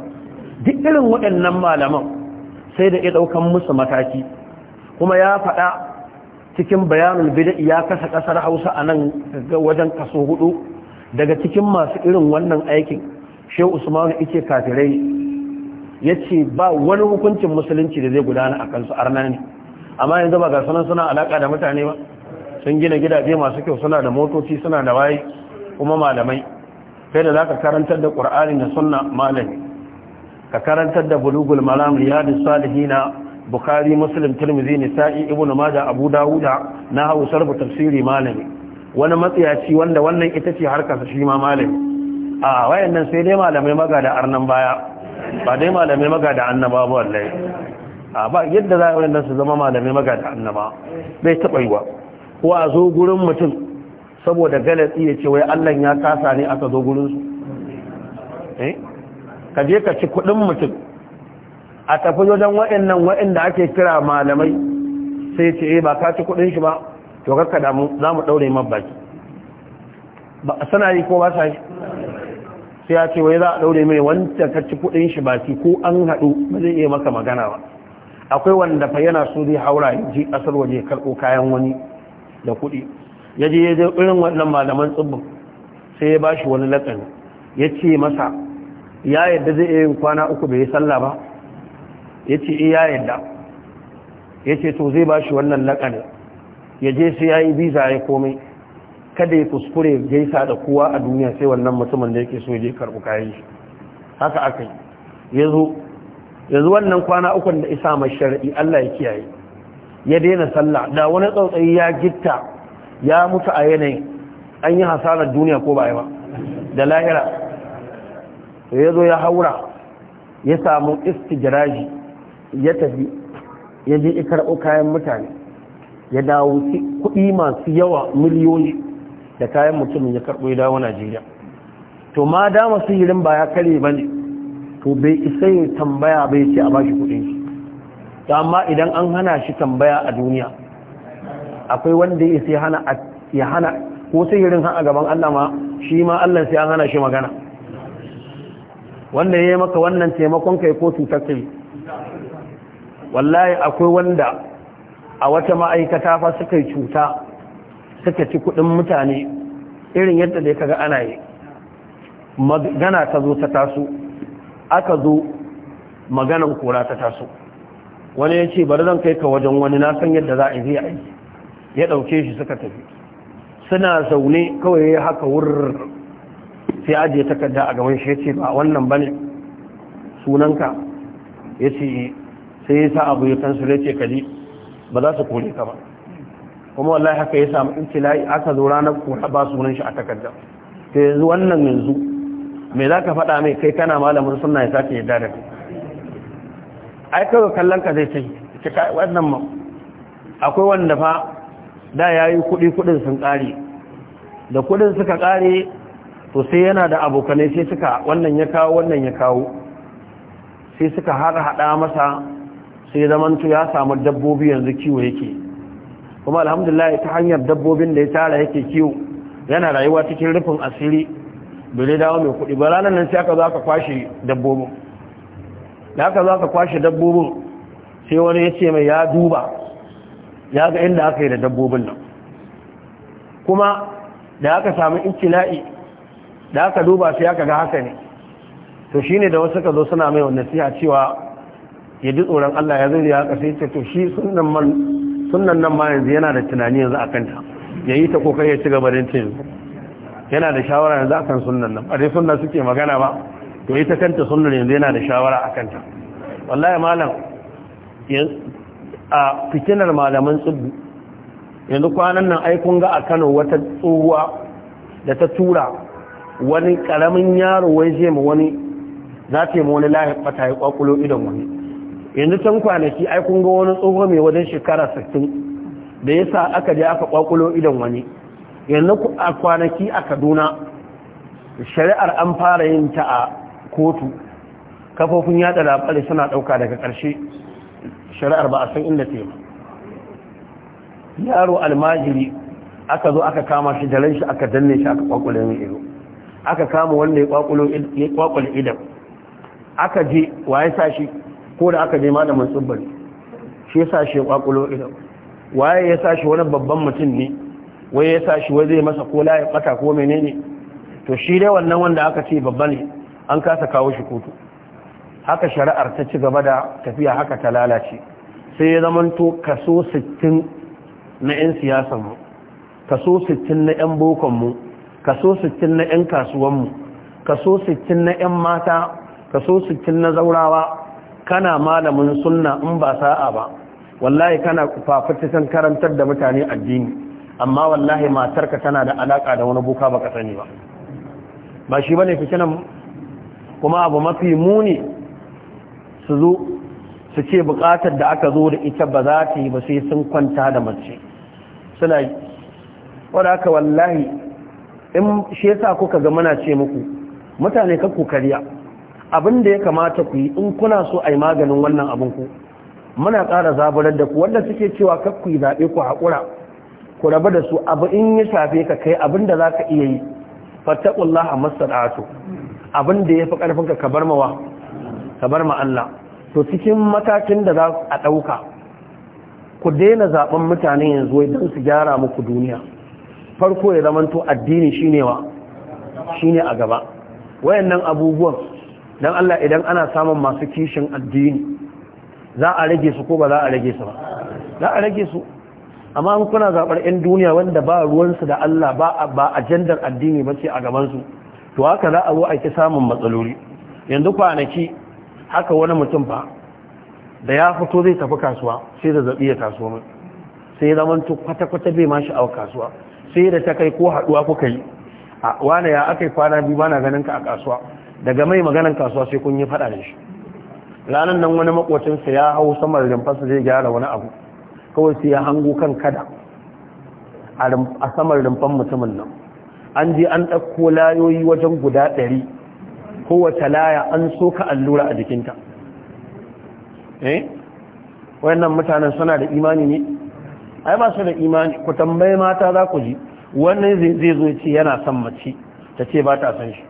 duk irin waɗannan malaman sai da ya ɗaukan musu mataki kuma ya faɗa cikin bayanul bid'a ya kasa kasar Hausa a nan wajen kaso hudu daga cikin masu irin wannan aikin shehu usmanu ike kafirai yace ba wani hukuncin musulunci da zai gudana a kansu arnani amma yanzu ba ga sanan suna alaka da mutane ba sun gina gidaje masu kyau suna da motoci suna da waye kuma malamai Sai da zaka karantar da qur'ani da sunna malami ka karantar da bulugul malam riyadus salihina bukhari muslim tirmidhi nisa'i ibnu majah abu dawuda na hausar tafsiri malami wani matsayaci wanda wannan ita ce harkarsa shi ma malami a nan sai dai malamai maga da arnan baya ba dai malamai maga da annaba ba wallahi a ba yadda za a nan su zama malamai maga da annaba bai taɓa yiwa ko a zo gurin mutum saboda galatsi ya ce wai allah ya kasa ne aka zo gurin su eh ka je ka ci kuɗin mutum a tafi wajen wa'annan da ake kira malamai sai ce eh, ba ka ci kuɗin shi ba to kakka damu za mu ɗaure ma baki ba sana yi ko ba sa yi sai ya ce wai za a ɗaure mai wancan ka ci kuɗin shi baki ko an haɗu ba zai iya maka magana ba akwai wanda fa yana so zai haura ji je ƙasar waje karɓo kayan wani da kuɗi ya je ya je irin wannan malaman tsibbin sai ya ba shi wani laƙani ya ce masa ya yadda zai iya yin kwana uku bai yi sallah ba ya ce iya eh, yadda ya ce to zai ba shi wannan laƙanin ya je sai ya yi visa ya komai kada ya kuskure gaisa da kowa a duniya sai wannan mutumin da yake so je karɓi kayan shi haka aka yi yanzu wannan kwana ukun da isa mai shari'i Allah ya kiyaye ya daina sallah da wani tsautsayi ya gitta ya mutu a yanayin an yi hasarar duniya ko ba ba da lahira ya zo ya haura ya samu istijiraji ya tafi ya je karɓo kayan mutane ya dawo kuɗi masu yawa miliyoyi da kayan mutumin ya karɓo ya dawo najeriya to ma dama sihirin ba ya kare ba ne to bai isa ya tambaya bai ce a bashi kuɗin shi to amma idan an hana shi tambaya a duniya akwai wanda ya isa ya hana ko sai ha a gaban allah ma shi ma allah sai an hana shi magana wanda ya yi maka wannan taimakon kai ko cutar kai wallahi akwai wanda a wata ma'aikata fa suka yi cuta suka ci kudin mutane irin yadda dai kaga ana yi magana ta zo ta taso aka zo maganan kora ta taso wani ya ce bari zan kai ka wajen wani na san yadda za a yi zai aiki ya ɗauke shi suka tafi suna zaune kawai ya haka wurin sai ajiye takarda a gaban shi ya ce ba wannan ba ne sunanka ya ce eh. sai ya sa abu ya kansu ya ce kaji ba za su kore ka ba kuma wallahi haka ya samu intila'i aka zo ranar kuma ba sunan shi a takarda ta yanzu wannan yanzu me za ka faɗa mai kai kana malamin suna ya sake yadda da kai ai kawai kallon ka zai ce cika wannan ma akwai wanda fa da ya yi kuɗi kuɗin sun ƙare da kuɗin suka kare to sai yana da abokanai sai suka wannan ya kawo wannan ya kawo sai suka har haɗa masa sai zamanto ya samu dabbobi yanzu kiwo yake kuma alhamdulillah ta hanyar dabbobin da ya tara yake kiwo yana rayuwa cikin rufin asiri bai dawo mai kuɗi ba ranar nan sai aka zo aka kwashe dabbobin da aka zo aka kwashe dabbobin sai wani ya ce mai ya duba ya ga inda aka yi da dabbobin nan kuma da aka samu ikila'i da aka duba sai aka ga haka ne to shine da wasu ka zo suna mai wannan siya cewa ya ji tsoron Allah ya zai ya kasai ce to shi sunan nan ma yanzu yana da tunani yanzu a kanta ya yi ta kokari ya ci gaba da yana da shawara yanzu a kan sunan nan bare sunan suke magana ba to ita kanta sunan yanzu yana da shawara a kanta wallahi malam a fitinar malaman tsibbi yanzu kwanan nan ai kun ga a Kano wata tsohuwa da ta tura wani karamin yaro wai zai ma wani za ta yi ma wani lahi bata ya kwakulo idon wani yanzu can kwanaki ai kun ga wani tsoho mai wajen shekara 60 da yasa sa aka je aka kwakulo idan wani yanzu a kwanaki a kaduna shari'ar an fara yin ta a kotu kafofin yada labari suna dauka daga karshe shari'ar ba a san inda ce yaro almajiri aka zo aka kama shi da shi aka danne shi aka kwakulo yin ido aka kama wanda ya kwakulo idan aka je waye sa shi ko da aka je da tsubbari shi sa shi kwakulo idan waye ya sa shi wani babban mutum ne waye ya sa shi wai zai masa ko layi bata ko menene to shi dai wannan wanda aka ce babba ne an kasa kawo shi kotu haka shari'ar ta ci gaba da tafiya haka ta lalace sai ya to kaso 60 na 'yan siyasar mu kaso 60 na 'yan bokon mu kaso 60 na 'yan kasuwan mu kaso 60 na 'yan mata kaso 60 na zaurawa kana malamin sunna in ba sa'a ba wallahi kana san karantar da mutane addini amma wallahi matarka tana da alaka da wani buka baka sani ba ba shi bane fitinan kuma abu mafi muni su zo su ce bukatar da aka zo da ita ba za ta yi ba sai sun kwanta da mace suna yi wadda aka wallahi in shi yasa kuka ga muna ce muku mutane kakku kariya abin da ya kamata ku yi in kuna so a yi maganin wannan abin ku muna ƙara zaburar da ku wanda suke cewa kar ku yi zaɓe ku haƙura ku rabu da su abu in ya shafe ka kai abin da za ka iya yi fattakullah a masar'atu abin da ya fi ƙarfinka ka bar mawa kabar ma Allah to cikin matakin da za a ɗauka ku daina zaɓen mutane yanzu wai don su gyara muku duniya farko ya zamanto addini shine wa shine a gaba wayannan abubuwan don Allah idan ana samun masu kishin addini za a rage su ko ba za a rage su ba za a rage su amma kuna zaɓar 'yan duniya wanda ba ruwansu da Allah ba ajandar addini ba ce a gabansu to haka za a zo a samun matsaloli yanzu kwanaki haka wani mutum ba da ya fito zai tafi kasuwa sai da zaɓi ya taso mai sai zaman kwata-kwata bai mashi a kasuwa sai da ta kai ko haɗuwa kuka yi a wane ya aka kwana biyu ba na ganin ka a kasuwa daga mai maganan kasuwa sai kun yi fada da shi ranar nan wani makocinsa ya hau samar rumfarsa zai gyara wani abu kawai sai ya hango kan kada a samar rumfar mutumin nan an je an ɗauko layoyi wajen guda ɗari kowace laya an soka allura a jikinta eh wayannan mutanen suna da imani ne ai ba su da imani ku tambaye mata za ku ji wannan zai zo ce yana son mace ta ce ba ta san shi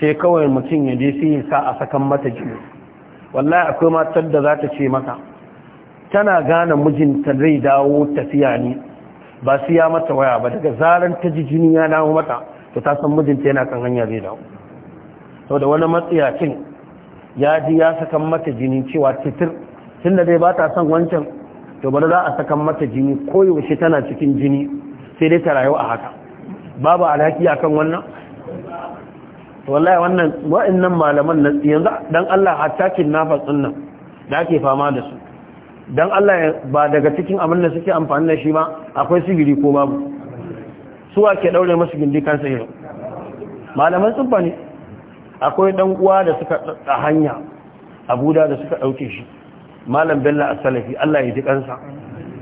sai kawai mutum ya je sai sa a sakan mata jini wallahi akwai matar da za ta ce maka tana gane mijinta zai dawo tafiya ne ba su ya mata waya ba daga zaran ta ji jini ya dawo mata to ta san mijinta yana kan hanya zai dawo sau da wani matsiyacin ya ji ya sakan mata jini cewa titir tun da zai ba ta son wancan to bari za a sakan mata jini koyaushe tana cikin jini sai dai ta rayu a haka babu alhaki akan wannan wallahi wannan wa'annan malaman nan yanzu dan Allah hatta kinnafas din nan da ake fama da su dan Allah ba daga cikin abin da suke amfani da shi ba akwai sigiri ko babu su ke daure musu gindi kansa sai malaman tsubba ne akwai dan uwa da suka a hanya abuda da suka dauke shi malam bello as-salafi Allah ya ji kansa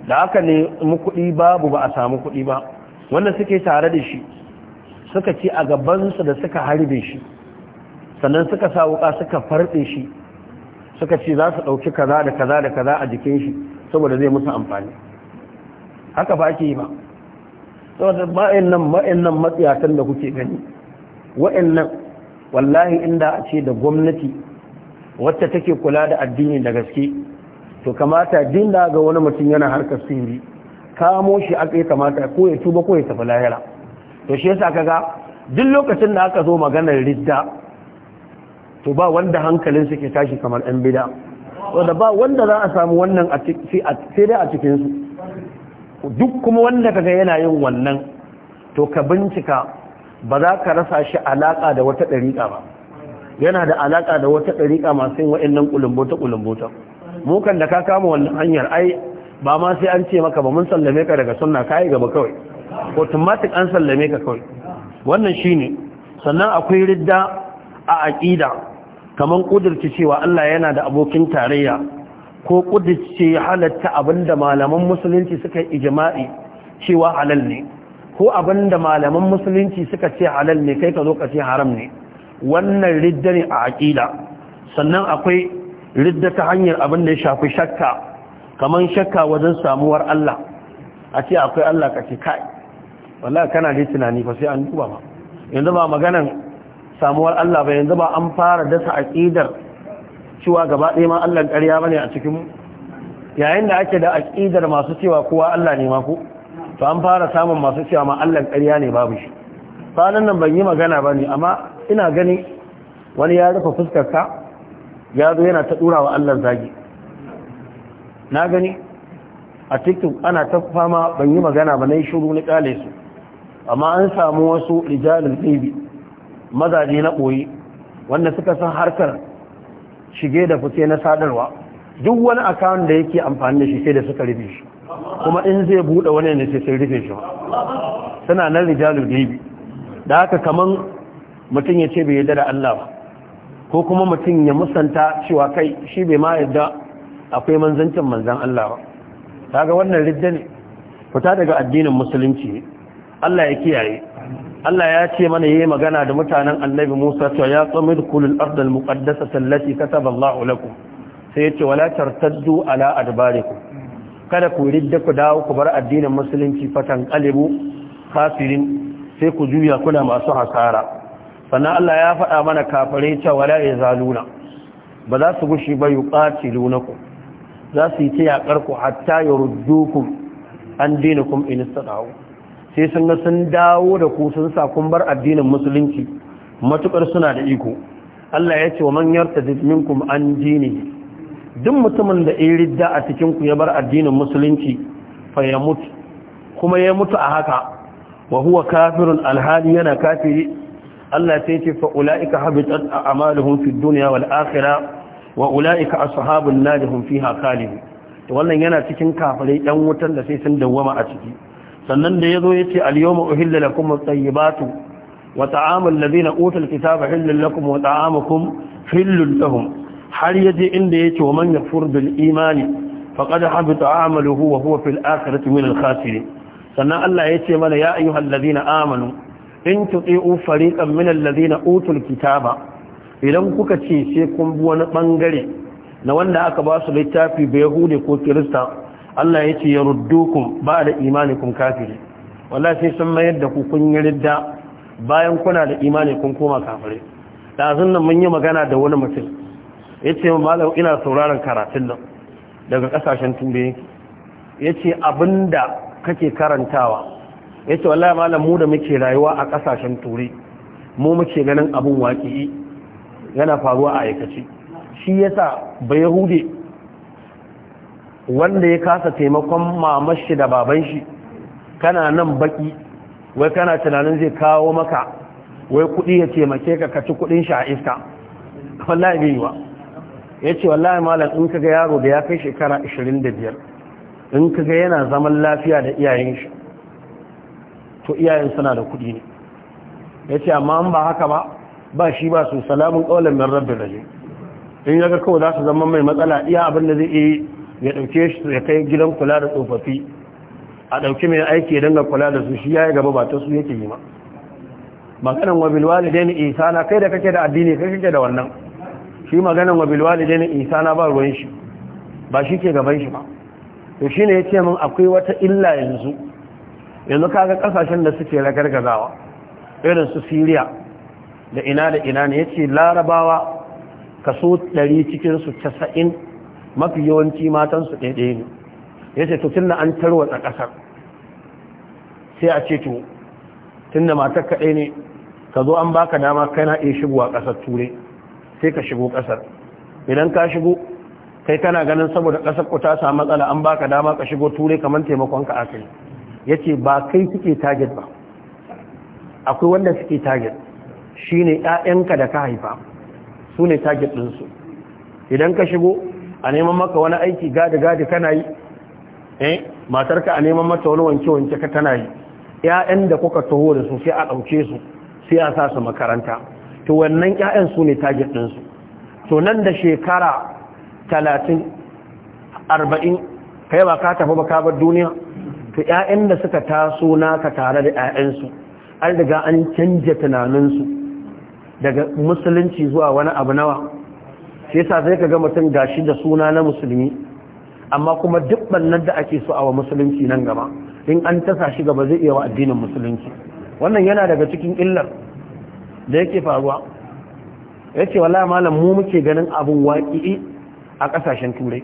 da haka ne mu kuɗi babu ba a samu kuɗi ba Wannan suke tare da shi suka ce a gabansu da suka harbe shi sannan suka sa wuka suka farɗe shi suka ce za su ɗauki kaza da kaza da kaza a jikin shi saboda zai musu amfani haka ba ake yi ba saboda ma'ayin nan matsiyatan da kuke gani wa'annan wallahi inda a ce da gwamnati wacce take kula da addini da gaske to kamata din da ga wani mutum yana harkar sirri kamo shi aka yi kamata ko ya tuba ko ya tafi lahira to shi yasa kaga duk lokacin da aka zo maganar ridda to ba wanda hankalin ke tashi kamar ɗan bida wanda ba wanda za a samu wannan a dai a cikin su duk kuma wanda kaga yana yin wannan to ka bincika ba za ka rasa shi alaka da wata ɗariƙa ba yana da alaka da wata ɗariƙa masu yin kulumbota kulumbota mu kan da ka kama wannan hanyar ai ba ma sai an ce maka ba mun sallame ka daga sunna kayi gaba kawai automatic an sallame ka kawai wannan shine sannan akwai ridda a aƙida. kaman kudirce cewa Allah yana da abokin tarayya ko ce halatta abinda malaman musulunci suka yi ijma'i cewa halal ne ko abinda malaman musulunci suka ce halal ne kai ka zo ka ce haram ne wannan ridda ne a aqida sannan akwai ridda ta hanyar abinda ya shafi shakka kaman shakka wajen samuwar Allah a ce akwai Allah ka ce kai wallahi kana dai tunani fa sai an duba ma yanzu ba maganan samuwar Allah ba yanzu ba an fara dasa aqidar cewa gaba ɗaya ma Allah ƙarya bane a cikin yayin da ake da aqidar masu cewa kowa Allah ne ma ku to an fara samun masu cewa ma Allah ƙarya ne babu shi sanan nan ban yi magana ba ne. amma ina gani wani ya rufe fuskar ka ya zo yana ta dura wa Allah zagi na gani a TikTok ana ta fama ban yi magana ba na yi shiru na kale su amma an samu wasu rijalin ɗibi mazaje na ɓoye wanda suka san harkar shige da fice na sadarwa duk wani akawun da yake amfani da shi sai da suka rufe shi kuma in zai buɗe wani ne sai sai rufe shi suna nan rijalin ɗibi da haka kamar mutum ya ce bai yarda da Allah ba ko kuma mutum ya musanta cewa kai shi bai ma yarda akwai manzancin manzan Allah ba kaga wannan ridda ne fita daga addinin musulunci ne Allah ya kiyaye Allah ya ce mana yayi magana da mutanen Annabi Musa cewa ya tsamid kulul ardal muqaddasata allati kataba Allahu lakum sai yace wala tartaddu ala adbarikum kada ku ridda ku dawo ku bar addinin musulunci fatan qalibu kafirin sai ku juya kuna masu hasara sannan Allah ya faɗa mana kafirai cewa wala yazaluna ba za su gushi ba yuqatilunakum za su yi ta yakar ku hatta yurdukum an dinakum in istatahu sai sun ga sun dawo da ku sun sa kun bar addinin musulunci matukar suna da iko Allah ya ce wa man yartadid minkum an dini duk mutumin da ya ridda a cikin ku ya bar addinin musulunci fa ya mutu kuma ya mutu a haka wa huwa kafirun alhali yana kafiri Allah sai ce fa ulaika habitat a'maluhum fi dunya wal akhirah wa ulaika ashabun nar hum fiha khalidun to wannan yana cikin kafirai dan wutan da sai sun dawwama a ciki sannan da ya yazo yace al-yawma uhilla lakum at-tayyibatu wa ta'amu alladhina utul kitaba hillun lakum wa ta'amukum hillun lahum har yaje inda yace wa man yakfur bil imani faqad habita amaluhu wa huwa fil akhirati min al-khasirin sannan Allah ya ce mana ya ladina amanu in tuti'u fariqan min ladina utul kitaba idan kuka ce sai kun bi wani bangare na wanda aka ba su littafi bai hude ko kirista Allah ya ce ya ku ba da imanikum kafiri wanda sai sun mayar da ku kun yi ridda bayan kuna da imani kun koma kafire da nan mun yi magana da wani mutum Ya ce ma malam ina sauraron karatun nan daga kasashen turai abin abinda kake karantawa Ya ce wallaya malam mu da muke rayuwa a kasashen turai mu muke ganin abin waƙi yana faruwa a aikace shi yasa ba yahudi wanda ya kasa taimakon mamashi shi da baban shi kana nan baki wai kana tunanin zai kawo maka wai kudi ya taimake ka kaci kudin shi a iska wallahi bai wa ya ce wallahi malam in kaga yaro da ya kai shekara 25 in kaga yana zaman lafiya da iyayen shi to iyayen suna da kudi ne ya ce amma an ba haka ba ba shi ba su salamun ƙaunar min rabbi raje in yaga kawai za su zama mai matsala iya abin da zai iya ya ɗauke shi ya kai gidan kula da tsofaffi a ɗauki mai aiki don ga kula da su shi ya yi gaba ba ta su yake yi ma maganan da bilwalidain isana kai da kake da addini kai kake da wannan shi maganan da bilwalidain isana ba ruwan shi ba shi ke gaban shi ba to ya ce min akwai wata illa yanzu yanzu kaga kasashen da suke ragargazawa irin su Syria da ina da ina ne ya ce larabawa kaso 100 cikin su 90 mafi yawanci matansu ɗaiɗe ne ya ce to tun da an a ƙasar sai a ce to tun da matar kaɗai ne ka zo an baka dama kana iya shigo a ƙasar ture sai ka shigo ƙasar idan ka shigo kai kana ganin saboda ƙasar ku ta samu matsala an baka dama ka shigo ture kamar taimakon ka aka yi ya ce ba kai suke target ba akwai wanda suke target shine 'ya'yanka da ka haifa su ne target ɗinsu idan ka shigo a neman maka wani aiki gadi gadi kana yi eh matarka a neman mata wani wanke wanke ka tana yi ƴaƴan da kuka taho da su sai a ɗauke su sai a sa su makaranta to wannan ƴaƴan su ne target ɗin su to nan da shekara talatin arba'in kai ba ka tafi ba ka bar duniya to ƴaƴan da suka taso naka tare da 'ya'yansu, an riga an canja su daga musulunci zuwa wani abu nawa shi yasa sai ka ga mutum gashi da suna na musulmi amma kuma duk bannan da ake so a wa musulunci nan gaba in an tasa shi gaba zai iya wa addinin musulunci wannan yana daga cikin illar da yake faruwa yace wallahi malam mu muke ganin abun waƙi a ƙasashen turai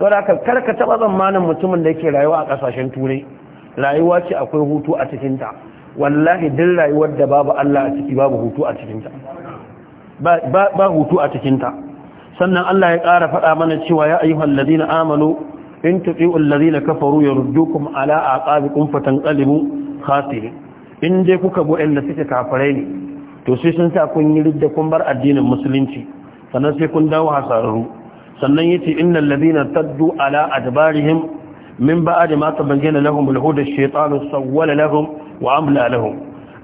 saboda ka karka taba zamanin mutumin da yake rayuwa a kasashen turai rayuwa ce akwai hutu a cikin ta wallahi din rayuwar da babu Allah a ciki babu hutu a cikin ta ba ba hutu a cikin ta sannan Allah ya ƙara faɗa mana cewa ya ayyuhal ladina amanu in tuti'u alladhina kafaru yaruddukum ala aqabikum fatanqalibu khasirin in dai kuka bu inda suke kafirai ne to sai sun sa kun yi ridda kun bar addinin musulunci sannan sai kun dawo hasararru sannan yace innal ladina taddu ala adbarihim min ba'd ma tabayyana lahum al-huda ash-shaytanu sawwala lahum wa amla lahum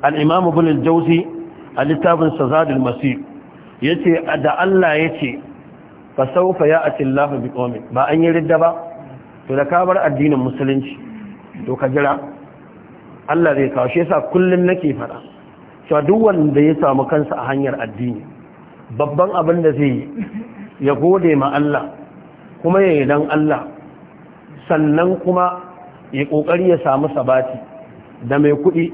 al-imam ibn al-jawzi al-kitab sazad al-masih yace da Allah yace fa ati Allah bi qawmi ba an yi ridda ba to da ka bar addinin musulunci to ka jira Allah zai kawo shi yasa kullun nake fara to duk wanda ya samu kansa a hanyar addini babban abin da zai yi ya gode ma Allah kuma ya yi dan Allah sannan kuma ya kokari ya samu sabati da mai kuɗi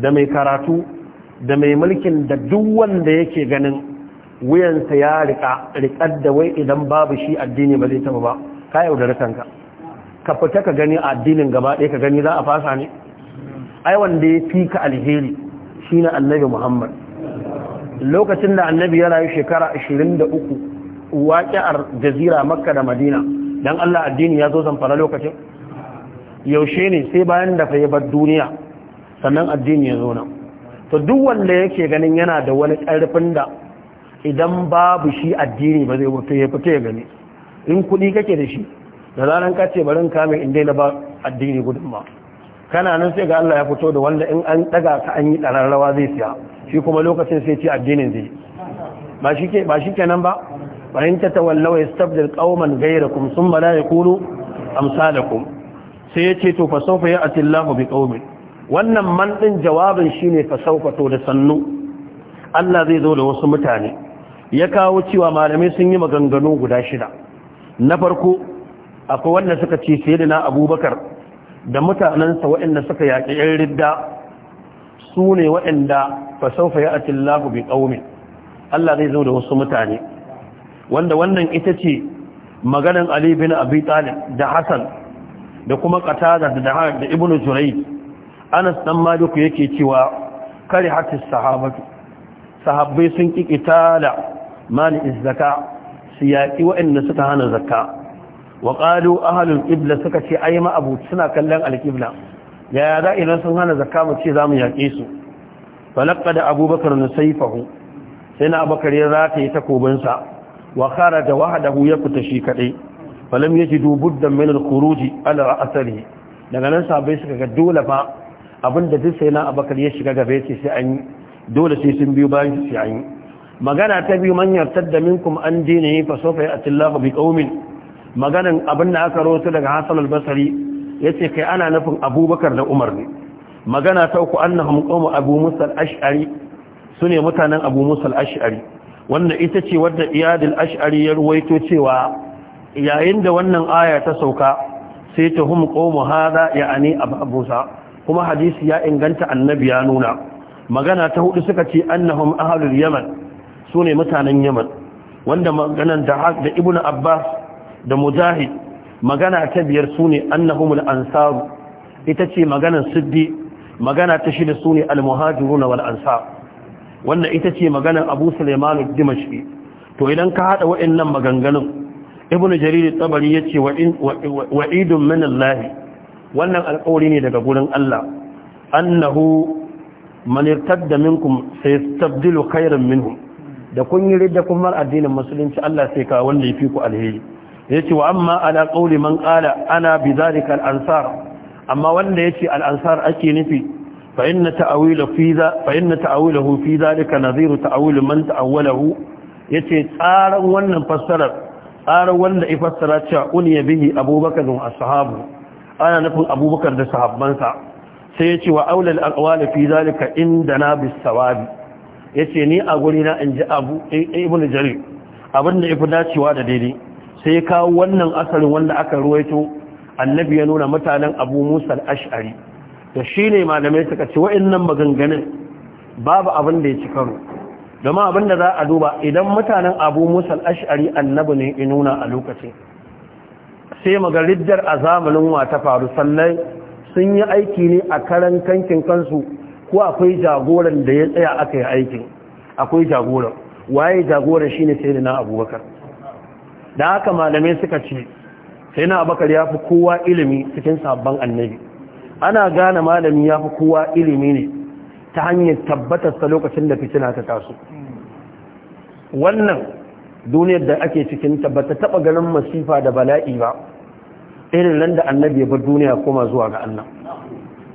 da mai karatu da mai mulkin da duk wanda yake ganin wuyansa ya riƙa riƙar da wai idan babu shi addini ba zai taɓa ba ka yaudari kanka ka fita ka gani addinin gaba ɗaya ka gani za a fasa ne ai wanda ya fi ka alheri shi na annabi muhammad lokacin da annabi ya rayu shekara 23 waƙi'ar jazira makka da madina don allah addini ya zo zamfara lokacin yaushe ne sai bayan da fa bar duniya sannan addini ya zo nan to duk wanda yake ganin yana da wani karfin da idan babu shi addini ba zai wuce ya fito ya gani in kuɗi kake da shi da ranar ka ce barin kame in daina ba addini gudun ba kana nan sai ga Allah ya fito da wanda in an daga ka an yi rawa zai siya shi kuma lokacin sai ce addinin zai ba shi ke ba shi kenan ba in ta tawallawa yastabdil qauman ghayrakum thumma la yakunu amsalakum sai ya ce to fa sawfa ya'ti Allahu bi qaumin wannan man din jawabin shine fa sawfa to da sannu Allah zai zo da wasu mutane ya kawo cewa malamai sun yi maganganu guda shida na farko akwai wanda suka ce sai da na abubakar da mutanensa waɗanda suka yaƙi ‘yan ridda su ne waɗanda fasaufa ya ati lahu bi Allah zai zo da wasu mutane wanda wannan ita ce maganin Ali bin Abi Talib da Hassan da kuma Qatada da Dahar da Ibn Jurayj Anas dan Malik yake cewa kari hatis sahabatu sahabbai sun ki da. mali zaka su yaƙi waɗanda suka hana zakka wa ƙalu ahalul ƙibla suka ce ai abu suna kallon alƙibla yaya za idan sun hana zakka mu ce za mu yaƙe su falakka da abubakar na saifahu sai na abakar ya yi takobinsa wa kara da wahadahu ya fita shi kaɗai falam ya ji dubuddan min al-khuruji ala asali daga nan sabai suka ga dole fa abinda duk sai na abakar ya shiga gabe sai an yi dole sai sun biyu bayan sai an yi magana ta biyu manyan tadda minkum an daina fa sawfa ya Allahu bi qaumin maganan abin da aka rawaito daga Hasan al-Basri ce kai ana nufin Abubakar da Umar ne magana ta uku annahum qawmu Abu Musa al-Ash'ari sune mutanen Abu Musa al-Ash'ari wannan ita ce wadda Iyad ashari ya ruwaito cewa yayin da wannan aya ta sauka sai ta hum qawmu hada ya'ani Abu Musa kuma hadisi ya inganta annabi ya nuna magana ta hudu suka ce annahum ahlul yaman su ne mutanen yaman wanda maganan da da ibn abbas da mujahid magana ta biyar su ne annahumul ansaru ita ce maganan siddi magana ta shida su ne almuhajiruna wal ansar wannan ita ce maganan abu sulaiman dimashqi to idan ka hada wa'annan maganganun ibn jarir tabari yace wa'idun min allah wannan alƙawari ne daga gurin allah annahu man irtadda minkum sayastabdilu khayran minhum da kun yi ridda kun mar addinin musulunci Allah sai ka wanda ya fi ku alheri ce wa amma ala qawli man qala ana bi zalika al amma wanda yace ce al'ansar ake nufi fa inna ta'wila fi za fi zalika nadhiru ta'wil man ta'awwalahu yace tsaran wannan fassarar tsaran wanda ya fassara cewa ya bihi abubakar da ashabu ana nufin abubakar da sahabbansa sai ce wa aulal aqwali fi zalika na bi sawabi ya ce ni a guri na in ji abu ibn jari abinda da ya fi dacewa da daidai sai ya kawo wannan asalin wanda aka ruwaito annabi ya nuna mutanen abu musa al'ashari da shi ne malamai suka ce wa'annan maganganin babu abin da ya ci karo domin abin da za a duba idan mutanen abu musa al'ashari annabi ne ya nuna a lokacin sai magariddar a zamanin wa ta faru sannan sun yi aiki ne a karan kankin kansu ko akwai jagoran da ya tsaya aka yi aikin akwai jagoran waye jagoran shine sai da na abubakar da haka malamai suka ce sai na abubakar ya fi kowa ilimi cikin sabon annabi ana gane malami ya fi kowa ilimi ne ta hanyar tabbatar sa lokacin da fitina ta taso wannan duniyar da ake cikin tabbata taba ganin masifa da bala'i ba irin nan da annabi ya bar duniya koma zuwa ga Allah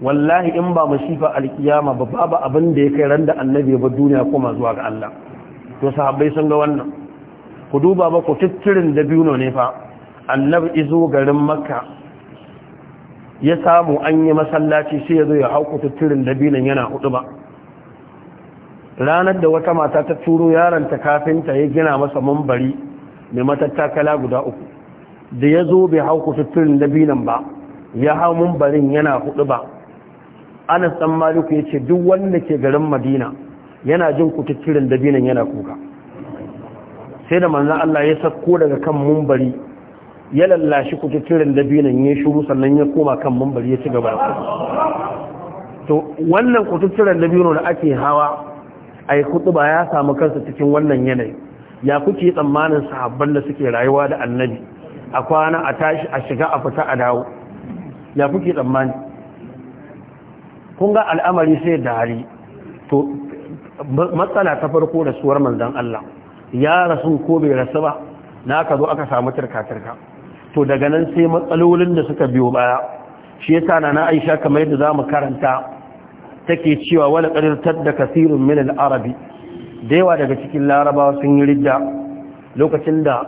wallahi in ba mashifa alkiyama ba babu abin da ya kai ran da annabi ba duniya kuma zuwa ga Allah to sahabbai sun ga wannan ku duba ba ku tittirin da biyu ne fa annabi izo garin makka ya samu an yi masallaci sai ya zo ya hauku tittirin da biyu yana hudu ba ranar da wata mata ta turo yaron ta kafinta ya gina masa mambari mai matattakala guda uku da ya zo bai hauku tittirin da biyu ba ya hau mambarin yana hudu ba anas dan maliku yace duk wanda ke garin madina yana jin kututturin dabinan yana kuka sai da manzon Allah ya sako daga kan mumbari ya lallashi kututturin dabinan ya shuru sannan ya koma kan mumbari ya ci gaba to wannan kututturen dabino da ake hawa ai kutuba ya samu kansa cikin wannan yanayi ya kuke tsammanin sahabban da suke rayuwa da annabi a kwana a tashi a shiga a fita a dawo ya kuke tsammani kun ga al'amari sai da hali to matsala ta farko da suwar manzan Allah ya rasu ko bai rasu ba na ka zo aka samu turka-turka to daga nan sai matsalolin da suka biyo baya shi yasa na Aisha kamar yadda za mu karanta take cewa wani qadirtar da kasirin min arabi da yawa daga cikin larabawa sun yi ridda lokacin da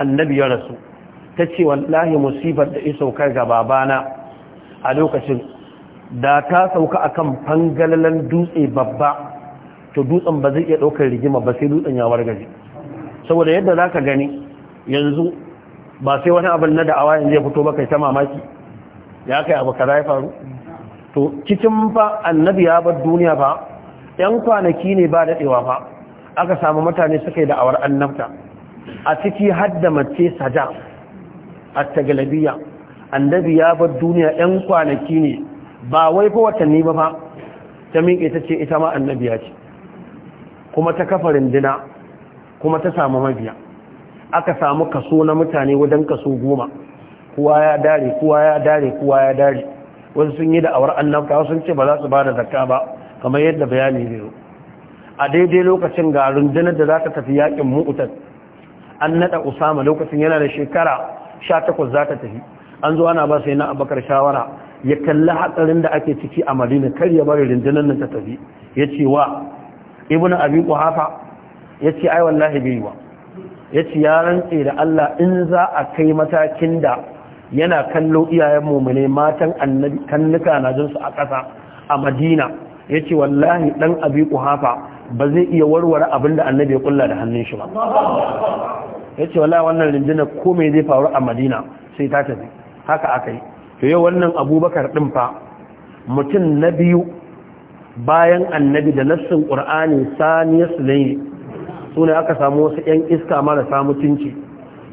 annabi ya rasu Ta ce wallahi musifar da iso kai ga babana a lokacin da ta sauka akan fangalalan dutse babba to dutsen ba zai iya ɗaukar rigima ba sai dutsen ya wargaje saboda yadda za ka gani yanzu ba sai wani abin na da'awa yanzu ya fito ba kai ta mamaki ya kai abu kaza ya faru to cikin fa annabi ya bar duniya fa yan kwanaki ne ba daɗewa fa aka samu mutane suka yi da'awar annabta a ciki hadda mace sada a tagalabiya annabi ya bar duniya yan kwanaki ne ba wai fa watanni ba fa ta miƙe ta ce ita ma annabiya ce kuma ta kafa rindina kuma ta samu mabiya aka samu kaso na mutane wajen kaso goma Kuwa ya dare kuwa ya dare kuwa ya dare wasu sun yi da'awar annabta wasu sun ce ba za su ba da zakka ba kamar yadda bayani zai zo a daidai lokacin ga rundunar da za ta tafi yakin mu'utar an naɗa usama lokacin yana da shekara 18 za ta tafi an zo ana ba sai na abakar shawara ya kalli hatsarin da ake ciki a madina kar ya bari rundunar nan ta tafi ya ce wa ibn abi quhafa ya ce ai wallahi bai wa ya ce ya rantse da Allah in za a kai matakin da yana kallo iyayen mumune matan annabi kannuka na jin su a ƙasa a madina ya ce wallahi dan abi quhafa ba zai iya warware abinda annabi ya kulla da hannun shi ba ya ce wallahi wannan rundunar ko me zai faru a madina sai ta tafi haka aka yi to yau wannan abubakar ɗin fa mutum na biyu bayan annabi da nassin ƙur'ani saniyar sulaini su ne aka samu wasu 'yan iska marasa mutunci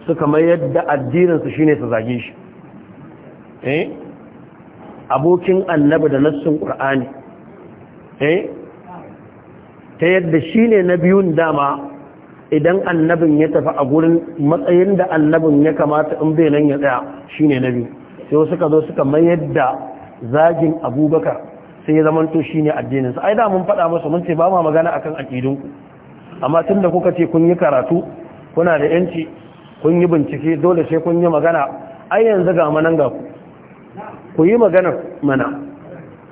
suka mai yadda addininsu ne su zage shi eh abokin annabi da nassin ƙur'ani eh ta yadda shi ne na biyun dama idan annabin ya tafi a gurin matsayin da annabin ya kamata in bai nan ya tsaya shi ne na biyu sai wasu ka zo suka mayar da zagin abubakar sai ya zamanto shi ne addininsa ai da mun faɗa masa mun ce ba ma magana akan aƙidunku amma tun da kuka ce kun yi karatu kuna da yanci kun yi bincike dole sai kun yi magana ai yanzu ga manan ga ku ku yi magana mana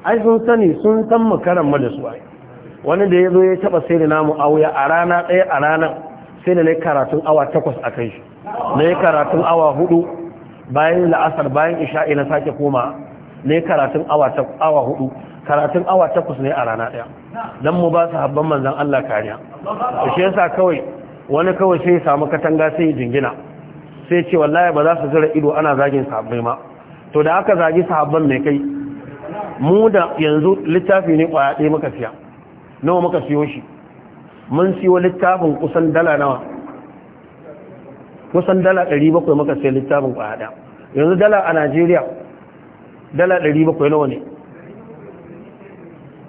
ai sun sani sun san karan mu da su ai wani da ya zo ya taɓa sai da namu auya a rana ɗaya a ranar sai da na yi karatun awa takwas a kai shi na yi karatun awa hudu bayan la'asar bayan isha'i na sake koma ne karatun awa hudu karatun awa takwas ne a rana ɗaya don mu ba su habban manzan Allah kariya shi yasa kawai wani kawai sai samu katanga sai jingina sai ce wallahi ba za su zira ido ana zagin sahabbai ma to da aka zagi sahabban mai kai mu da yanzu littafi ne kwaya ɗaya muka siya nawa muka siyo shi mun siyo littafin kusan dala nawa kusan dala 700 muka sai littafin kwada yanzu dala a najeriya dala 700 nawa ne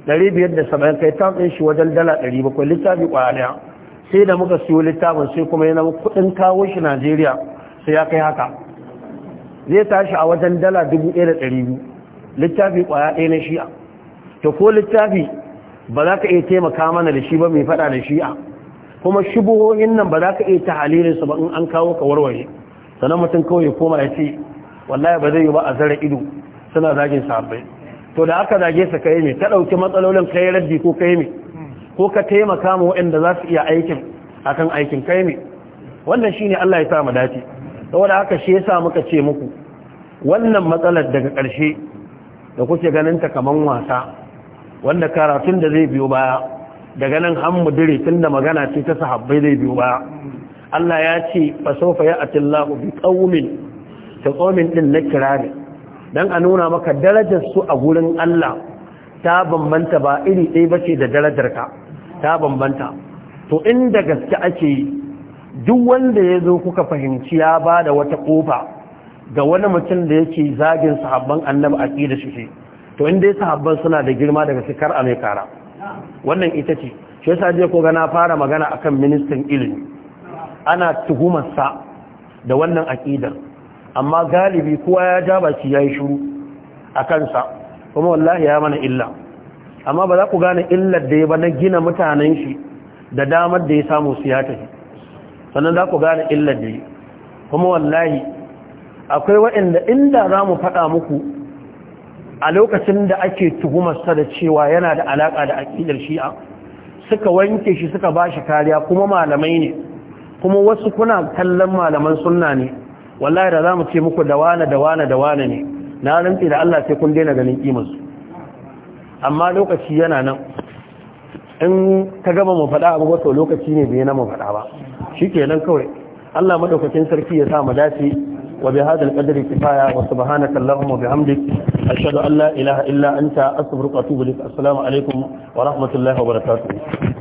570 kai ta ɗin shi wajen dala 700 littafi kwada sai da muka siyo littafin sai kuma yana kudin kawo shi najeriya sai ya kai haka zai tashi a wajen dala 1200 littafi kwaya ɗaya na shi'a to ko littafi ba za ka iya taimaka mana da shi ba mai faɗa da shi'a kuma shubuhohin nan ba za ka iya tahalilin su ba in an kawo ka warware sannan mutum kawai koma ya ce wallahi ba zai yi ba a zara ido suna zagin sahabbai to da aka zage sa kai ne ɗauki dauki matsalolin kai raddi ko kai ne ko ka taimaka ma waɗanda za su iya aikin akan aikin kai ne wannan shine Allah ya sa mu dace saboda haka shi yasa muka ce muku wannan matsalar daga ƙarshe da kuke ganin ta kaman wasa wanda karatun da zai biyo baya daga nan an tun da magana ce ta sahabbai da biyu ba Allah ya ce fa a ya'ti Allahu bi qaumin ta qaumin din na kirani dan a nuna maka darajar su a gurin Allah ta bambanta ba iri ɗaya bace da darajar ka ta bambanta to inda gaske ake duk wanda ya zo kuka fahimci ya ba da wata ƙofa ga wani mutum da yake zagin sahabban annabi da shi to inda sahabban suna da girma daga kar a mai kara wannan ita ce shi yasa je ko gana fara magana akan ministan ilimi ana tuhumarsa da wannan aƙidar amma galibi kowa ya ja baki yayi shiru a kansa kuma wallahi ya mana illa amma ba za ku gane illar da ya ba na gina mutanen shi da damar da ya samu su ya tafi sannan za ku gane illar da ya kuma wallahi akwai waɗanda inda za mu faɗa muku a lokacin da ake tuhumarsa da cewa yana da alaƙa da aƙidar shi'a suka wanke shi suka ba shi kariya kuma malamai ne kuma wasu kuna kallon malaman sunna ne wallahi da za mu ce muku da wane da wane da wane ne na rantsi da Allah sai kun daina ganin ƙimarsu. amma lokaci yana nan in ka gaba mu faɗa abu wato lokaci ne bai na mu faɗa ba shi kenan kawai Allah madaukakin sarki ya sa mu dace وبهذا القدر كفاية وسبحانك اللهم وبحمدك أشهد أن لا إله إلا أنت أستغفرك وأتوب إليك السلام عليكم ورحمة الله وبركاته